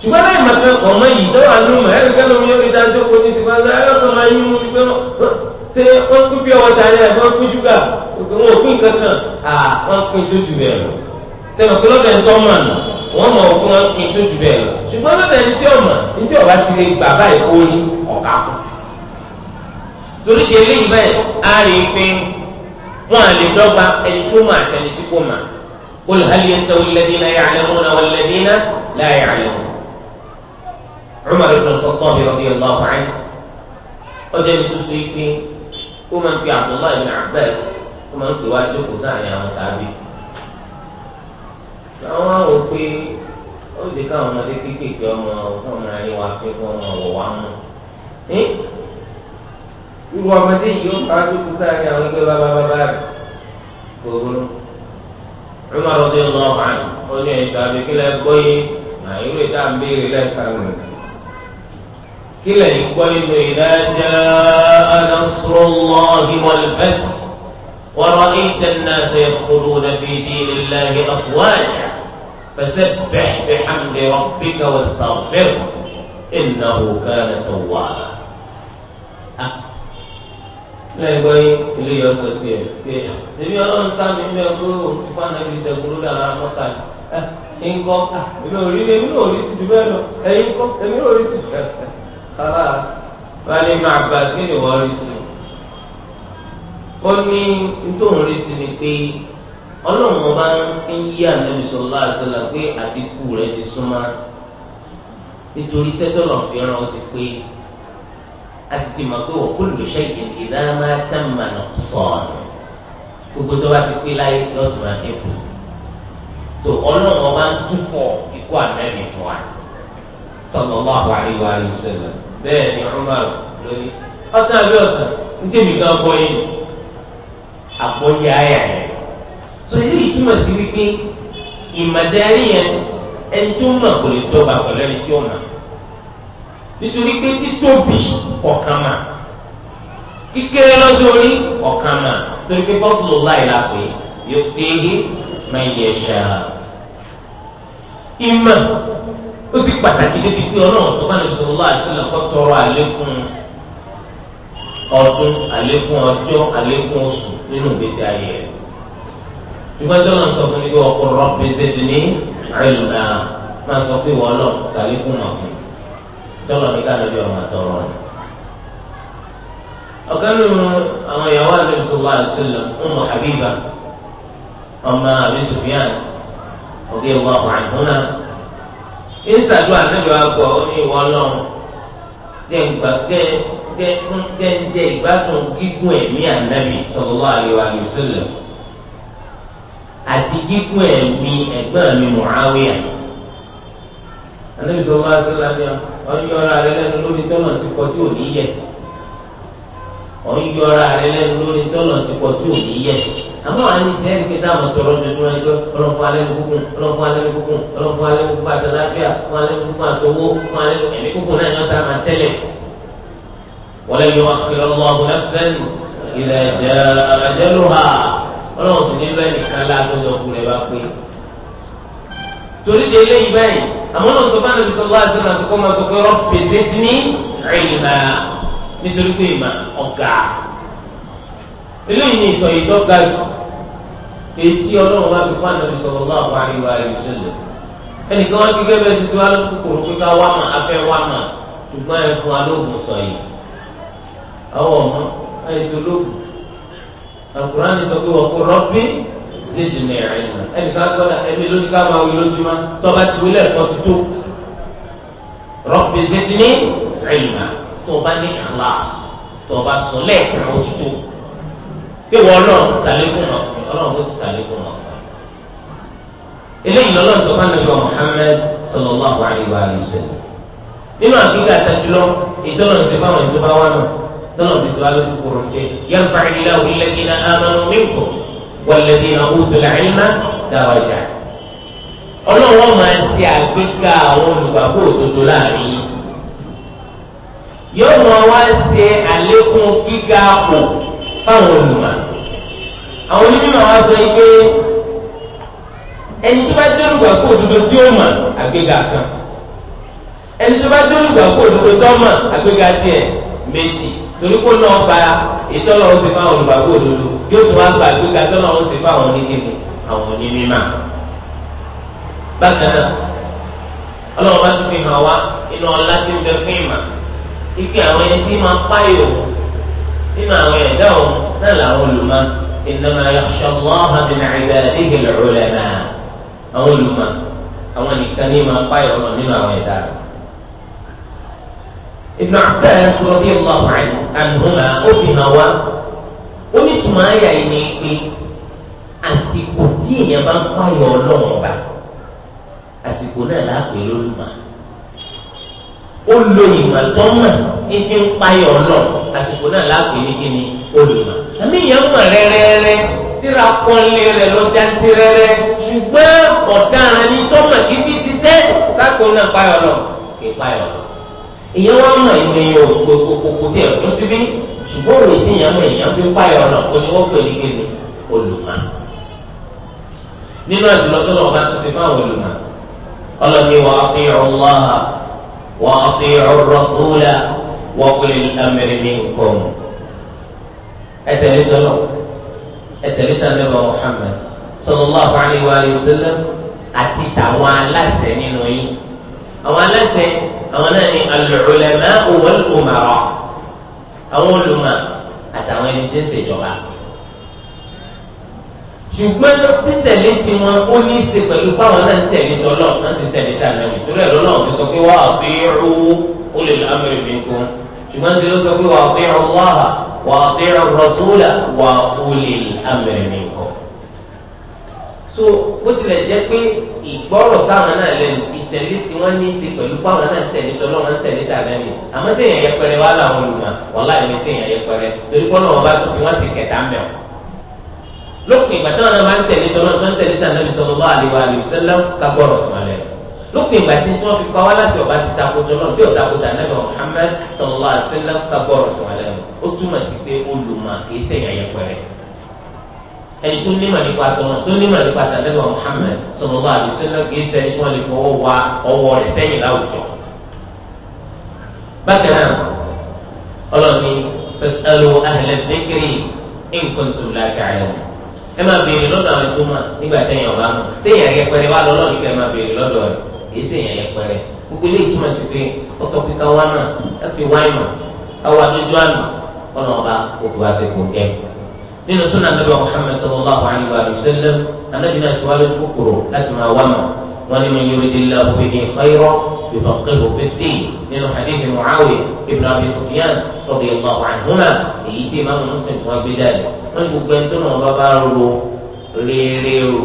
Speaker 1: ṣùgbọ́n láì mọ̀ pé ọmọ yìí tó wà lọ́mọ ẹ̀rí kẹ́lómi yóò fi dájọ́ kó ní ti wá lọ́mọ yìí mú ti gbé mọ́ ṣé wọ́n kú bí ọjà yẹn wọ́n kú júgà wọn ò pín kankan à wọ́n pín tójú bẹ́ẹ̀ lọ. tẹ̀wọ̀n kí lọ́dọ̀ ẹ̀ńtọ́ mọ̀ nù wọ́n mọ̀ òkú wọn pín tójú bẹ́ẹ̀ lọ. ṣùgbọ́n lọ́dọ̀ ẹni tí ọ̀mà ọba ti lè gbà báyìí kó ní ọ̀ká kù. torí di eléyìí bẹ́ẹ̀ á rí i pé à lè dọ́gba ẹni tó mà àtẹni tí kò mà. قل هل يستوي الذين يعلمون والذين لا يعلمون عمر بن الخطاب رضي الله عنه قد يكون ó máa ń pe Abdullahi ibn Abbas ó máa ń pè wá jókòó sáàrin àwọn tàbí. àwọn àwọn pé ó lè ká àwọn ọmọdé kéékèèké ọmọ ọmọ ọmọ ayé wa pé kó ọmọ ọwọ́ wa mú. irú ọmọdé yìí ó máa jókòó sáàrin àwọn ẹgbẹ́ bàbá bàbá rẹ̀ gbogbo. Umar radiyallahu anhu ó ní ẹ̀yìn tàbí kílẹ̀ gbọ́ yìí màá irú ìta ń béèrè lẹ́ẹ̀kan rẹ̀ kílẹ̀ yìí رأيت الناس يدخلون في دين الله أفواجا فسبح بحمد ربك واستغفره إنه كان توابا lẹ́gbẹ́ ilé ọ̀sẹ̀ tiẹ̀ pé èmi ọlọ́run ká mi ní ẹgbẹ́ òkúpa náà fi tẹ̀gbọ́n lára mọ́ta ẹ̀ ńkọ́ èmi ò rí èmi ò rí ti bẹ́ẹ̀ lọ ẹ̀yin kọ́ èmi ò rí ti bẹ́ẹ̀ lọ. bàbá wa ní màá gbà sí ìwọ rí ti ó ní nítorí retí ni pé ọlọ́run ọba ń yí ànábì sọ̀rọ̀ àtọ́là pé àdínkù rẹ̀ ti súnmọ́ nítorí tẹ́tọ́lọ̀ fẹ́ràn ó ti pé àtìmọ̀ pé wọ́n kó lè ṣẹ́yìn ìdá máa tẹ́mà nà sọ̀rọ̀ gbogbo tó bá ti pé láyé lọ́tún máa ń kú tó ọlọ́run ọba ń túkọ̀ ikú ànábì fún wa tọ́lọ̀ bá wà ní wàhálà ìṣẹ̀lẹ̀ bẹ́ẹ̀ ni ọmọ rẹ̀ lórí ọ̀sán àbí ọ̀sán ń tẹ̀mí gan bọ́ yìí àpọ̀jù àyà yẹn. tó ilé ìtumọ̀ sí wípé ìmọ̀dárí yẹn ẹni tó mọ̀ kò lè dọ́gba pẹ̀lú ẹni tí ó mọ̀ nítorí pé títóbi ọ̀kan mà kíkéré lọ́jọ́ orí ọ̀kan mà torí pé bọ́ọ̀lù láì la pè yóò tẹ́lẹ̀ máa yẹ ṣá. ìmọ̀ ó ti pàtàkì débi pé ọlọ́run tó bá lè sọ̀rọ̀ lọ́wọ́ àti ìlànà tọrọ àlékún ọdún àlékún ọjọ́ àlékún oṣù nínú ìgbésí ayé rẹ̀ ṣùgbọ́n tó máa ń sọ fún mi pé ọkọ̀ rọ́bì zèdè ní àìlùmá máa sọ pé wọ́n lọ kàlékùn ọ̀fìn tọ́lọ̀ ní káàdébí ọmọ àtọ̀rọ̀ rẹ̀. ọ̀kan nínú àwọn ìyàwó àdébùsọ̀wá àtìlẹ̀ ọmọ Habiba ọmọ àbísùfíàn ọ̀gá ìwà ọ̀hánhúnà ìsàdúrà níbi àgọ́ ní ìwọ náà kẹ́ńjẹ́ ìgbádùn gígùn ẹ̀mí ànábì sallallahu alaihi wasallam àti gígùn ẹ̀mí ẹ̀gbọ́n mi Muawiya. ànábì sallallahu alaihi wasallam ni ọ̀yọ́ ara rẹ lẹ́nu lórí tọ́nà ti kọ tí ò ní yẹ ọ̀yọ́ ara rẹ lẹ́nu lórí tọ́nà ti kọ tí ò ní yẹ àmọ́ àní sẹ́yìn kí táwọn tọrọ tuntun ẹni tó ọlọ́fọ́ alẹ́ ní kúkú ọlọ́fọ́ alẹ́ ní kúkú ọlọ́fọ́ alẹ́ ní kúkú àtàláfíà fún alẹ́ ní kúkú àtọwó fún alẹ́ ní kúkú náà yọ̀ọ́ta máa tẹ́lẹ̀ ولن يؤخر الله نفسا إذا جاء أجلها ọlọ́run sì ní bẹ́ẹ̀ nìkan láàánú ọkùn rẹ̀ bá pé. torí de eléyìí báyìí àmọ́ náà sọ fáwọn ẹ̀dùn sọ́wọ́ àti náà sọ́kọ́ máa sọ pé rọ́pì tètè ní ìmà nítorí pé ìmà ọ̀gá. eléyìí ni ìtọ̀ ìdọ́gba èsì ọlọ́run wá fi fáwọn ẹ̀dùn sọ̀rọ̀ náà wá rí wa rí sílẹ̀. ẹnìkan wá fi gẹ́gẹ́ bẹ́ẹ̀ tuntun wá lóko kòkòrò pé ká wá mà afẹ́ wá mà ṣùgbọ́n ẹ̀ fún alóògùn sọ yìí àwọn ọmọ ayélujára alukuraan ni tọ́kí wọ́n kó rọ́bì léde ní ẹ̀rín náà ẹnì kan gbọ́dọ̀ ẹ̀mí lónìí ká máa wí lójúmọ́ tọ́ba ti wí lẹ́ẹ̀kọ́ ti tó rọ́bì léde ní ẹ̀rín náà tọ́ba ní àlá tọ́ba sọ lẹ́ẹ̀kan ó ti tó pé wọ́n náà tàlékùn náà ọlọ́run ó ti tàlékùn náà. eléyìí lọ́lọ́ tó bá nàbí wa Muhammad sallallahu alayhi wa sallam nínú àkíkà àtàjùlọ ìtọ́nà ti báwọn ìjọba wa náà tọ́lọ̀ bí tiwa lójú kúrò pé yẹ́nfà ilé àwọn ilé ní iná amánú mímkù wọlé ní àwọn òtòlá ìmá dáwà jà. ọlọ́wọ́ máa ń ṣe àgbéga àwọn olùgbàgbọ́ òdodo láàrin yìí. yóò mọ wá ṣe àlékún gíga àpò fáwọn olùmọ̀. àwọn onímọ̀ wa sọ pé ẹni tó bá jẹ́ olùgbàgbọ́ òdodo tí ó mọ̀ àgbéga kan ẹni tó bá jẹ́ olùgbàgbọ́ òdodo tó mọ̀ àgbéga tiẹ̀ méjì torí kó náà gba ìtọ́lọ̀ ó ti fún àwọn olùgbàgbọ́ òdodo yóò tún wá gba ìgbéga tọ́lọ̀ ó ti fún àwọn oníkèmí àwọn onímímà. bákan náà ọlọ́run bá tún fi hàn wá inú ọlá tí ń bẹ fún ìmà ike àwọn ẹni tí máa páyò nínú àwọn ẹ̀dá òun náà làwọn olùmọ̀ ìnáwó ayọ̀ṣọ́gbọ́n ọ̀hún àti nàìjíríà àwọn olùmọ̀ àwọn nìkan ní máa páyò nínú àwọn Ibn Abbas radiyallahu anhu àdúrà ó fi hàn wá ó ní tùmọ̀ àyà yìí ní pé àsìkò tí èèyàn bá ń pààyàn ọlọ́run ọba àsìkò náà láàpẹ̀ lólùmọ̀ ó lo ìmọ̀ tó mọ̀ ní ti ń pààyàn ọlọ́run àsìkò náà láàpẹ̀ ní kíni olùmọ̀ àmì ìyẹn mọ̀ rẹ́rẹ́rẹ́ síra kọ́lé rẹ̀ ló dáńtí rẹ́rẹ́ ṣùgbọ́n ọ̀daràn ni tọ́mọ̀ títí ti tẹ́ sákòó náà pààyàn ọlọ́run kì í pààyàn èyàn wọn mọ ìwé yẹn o kòkòkò tí ẹ fún síbí ṣùgbọ́n òwe tí èyàn mọ èyàn fi ń pààyàn ọ̀nà kó ni wọ́n pè ní kéde olùmọ̀ nínú àdúrà tó lọ́ọ́ bá tó ti fáwọn olùmọ̀ ọlọ́ni wà á fi ọlọ́ wà á fi ọrọ̀ kúlà wà á fi amẹ́rẹ́ ní nǹkan ẹ̀tẹ̀lé tọ́lọ̀ ẹ̀tẹ̀lé tọ́lọ̀ bá Muhammad sallallahu alaihi wa sallam àti tàwọn aláṣẹ nínú yín àwọn aláṣẹ àwọn náà ní al-ulama'u wal-umara àwọn olùmọ̀ àtàwọn ẹni tí ń ṣèjọba ṣùgbọ́n títẹ̀lé ti wọn ó ní í ṣe pẹ̀lú báwọn náà ń tẹ̀lé tọ́lọ̀ náà ti tẹ̀lé tàbí ìtúrọ̀ ẹ̀rọ náà ti sọ pé wọ́n àbíyẹ̀rù ulil amri minkum ṣùgbọ́n ti ló sọ pé wọ́n àbíyẹ̀rù Allah wa àbíyẹ̀rù rasula wa ulil amri minkum so bó tilẹ̀ jẹ́ pé ìgbọ́rọ̀ táwọn náà lẹ́nu ìtẹ̀lé tí wọ́n ní ti pẹ̀lú báwọn náà ń tẹ̀lé tọ́lọ́ wọn ń tẹ̀lé tàbí mi àmọ́ téèyàn yẹpẹrẹ wá làwọn olùmọ̀ wọ́n láì ní téèyàn yẹpẹrẹ torí pọ́nà wọn bá tó fi wọ́n ti kẹta mẹ́ o. lópin ìgbà táwọn náà máa ń tẹ̀lé tọ́lọ́ tó ń tẹ̀lé tàbí tọ́lọ́ bá àlewà àlùsẹ́lẹ̀ kagbọ́rọ̀ sọ̀lẹ̀ lópin ìgbà tí wọ́n fi pawá láti ọba ti takotọ náà bí ọ̀takotọ anábẹ́ Muhammad sọ̀rọ̀ àṣẹlẹ̀ kagbọ́rọ̀ sọ̀lẹ̀ o túmọ̀ sí pé olùmọ̀ kì í tẹ̀yàn yẹpẹrẹ ẹni tó ní màlí pa tọ̀nà tó ní màlí pa tàlẹ́wà Muhammad sọlọ́lá àdìsẹ́lẹ̀ kì í sẹ́ni fún ẹnìkan ọwọ́ wa ọwọ́ rẹ̀ sẹ́yìn láwùjọ. bákan náà ọlọ́ni ẹlò ahẹlẹ dékèrè nǹkan tó la gàáyà ẹ máa béèrè lọ́dọ̀ àwọn tó mà nígbà téèyàn bá mọ̀ téèyàn yẹ pẹrẹ wà lọ́lọ́ nígbà ẹ máa béèrè lọ́dọ̀ rẹ̀ èyí téèyàn yẹ pẹrẹ nínú súnà nàbí wa muhammed sallallahu alayhi wa sallam anabi náà ti wá lórí kúkúrò láti máa wá ma wọn ni man yuridillahu bihi khayran yufaqqihhu fid-din nínú hadithi muawiya ibn abi sufyan radiyallahu anhuma èyí tí imaamu muslim wá gbé jáde wọn gbogbo ẹni tó náà bá bá ro rere ro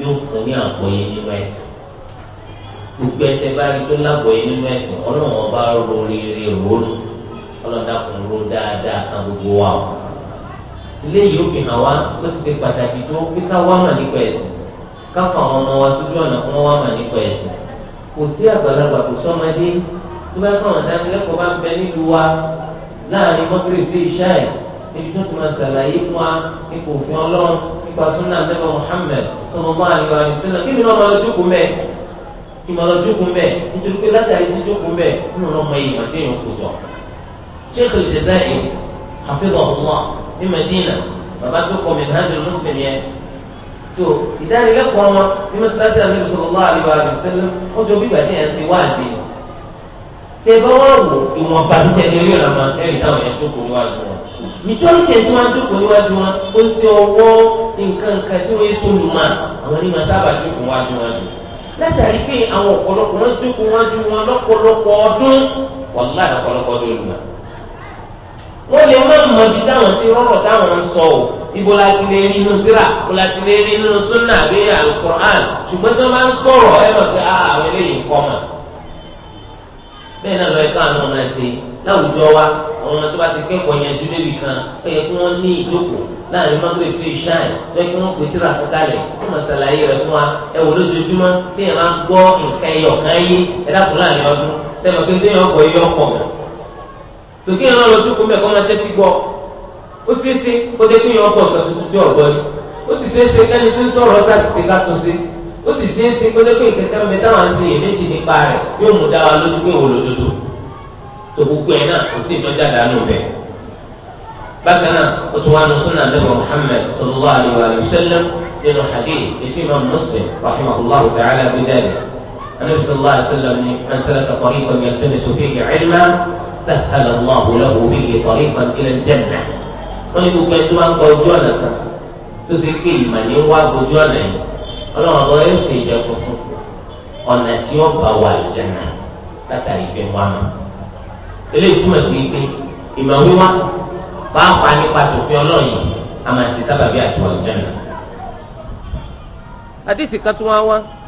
Speaker 1: yóò fún ní àgbọ́yé nínú ẹ̀ gbogbo ẹsẹ̀ báyìí tó lágbọ́yé nínú ẹ̀sìn ọlọ́run ọba ro rere ro ọlọ́dàkùn ro dáadáa kan gbogbo wa eléyìí ó fi hàn wá ó ti ṣe pàtàkì tó pípa wá mà nípa ẹ̀sìn káfà àwọn ọmọ wa sójú ọ̀nà fún wá mà nípa ẹ̀sìn kò sí àgbàlagbà kò sọ́mọdé tó bá fún àwọn ìdánilẹ́kọ̀ọ́ bá ń bẹ nílùú wa láàrin mọ́tòrì sí ìṣá ẹ̀ níbi tó ti máa ṣàlàyé fún wa nípa òfin ọlọ́run nípa súnà àbẹ́bọ̀ Muhammad sọmọ bá àyè àyè sílẹ̀ kí ni wọ́n máa jókòó mẹ́ kí máa jókòó mẹ́ nítorí pé látàrí tí jókòó nínú ọmọ yìí màdé yòókù jọ. Sheikh al-Jazairi hafidhahullah ní Medina bàbá tó kọ Minhajul Muslim yẹn tó ìdánilẹ́kọ̀ọ́ wọn ní mọ́sálásí àlejò sallallahu alaihi wa sallam ó jọ bí gbàdé yẹn ti wá àdé tẹ̀bá wà wò ìwọ̀nba tó tẹ̀lé rí ọ̀la máa ẹ̀rí táwọn yẹn tó kò níwájú wọn nítorí tẹ̀sí máa ń jókòó níwájú wọn ó ti ọwọ́ nǹkan kan tí wọ́n tó lù máa àwọn ní máa sábà jókòó wájú wọn jù látàrí pé àwọn ọ̀pọ̀lọpọ̀ wọn jókòó wájú wọn lọ́pọ̀lọpọ̀ ọdún wàlúwà lọ́pọ̀lọpọ̀ ọdún lù máa ó lè má mọ ibi táwọn ti rọrọ táwọn ń sọ o ibo la ti lè rí inú síra ibo la ti lè rí inú súnà àbí alukur'an ṣùgbọ́n tó máa ń sọ̀rọ̀ ẹ mọ̀ sí ah, àwọn eléyìí kọ́ mà bẹ́ẹ̀ náà lọ́ọ́ ẹ̀ka àwọn ọmọ ẹ̀sìn láwùjọ wa àwọn ọmọ tó bá ti kẹ́kọ̀ọ́ yẹn ju lébi kan ó yẹ kí wọ́n ní ìjókòó láàrin mọ́tò ètò ìṣáì lọ́ọ́ kí wọ́n pè síra àkọkalẹ̀ fún mọ̀sálàyé rẹ̀ fún wa ẹ wò lójoojúmọ́ bí ẹ máa gbọ́ nǹkan ẹyọ kan yé ẹ dákun láàrin ọdún tẹ́lọ̀ pé téèyàn ọkọ̀ yọ ọkọ̀ mọ̀ tòkí yẹn lọ sókò mẹ́kọ́ máa tẹ́tí gbọ́ ó ti ṣe kó dé kéèyàn ọkọ̀ ọ̀sán tuntun tí ọ̀gbọ́n ni ó ti ṣe é ṣe kẹ́ni tó ń sọ̀rọ̀ ọ́sà ti ṣe káàtó ṣe ó ti ṣe é ṣe kó dé kéèyàn kẹta mẹ́ta wà ń ṣe èméjì nípa rẹ̀ yóò mú dára lójú pé òun lòdodo tó gbogbo ẹ̀ náà kò sí ìtọ́jà dànù bẹ̀. bákan náà ó tún wá nu súnà lẹ́wọ̀ Muhammad sallallahu alayhi wa nínú سهل الله له به طريقا إلى الجنة wọ́n ní gbogbo ẹni tó máa ń gba ojú ọ̀nà kan tó ti pé ìmọ̀ ní wá ojú ọ̀nà yìí ọlọ́run ọ̀gá yóò ṣe ìjọ tuntun ọ̀nà tí ó bá wà lẹ́nà látàrí pé wá mọ̀ eléyìí túmọ̀ sí pé ìmọ̀ wíwá bá pa nípa tòfin ọlọ́run yìí a máa ti sábàbí àti wà lẹ́nà. àdìsí kan tó wá wá.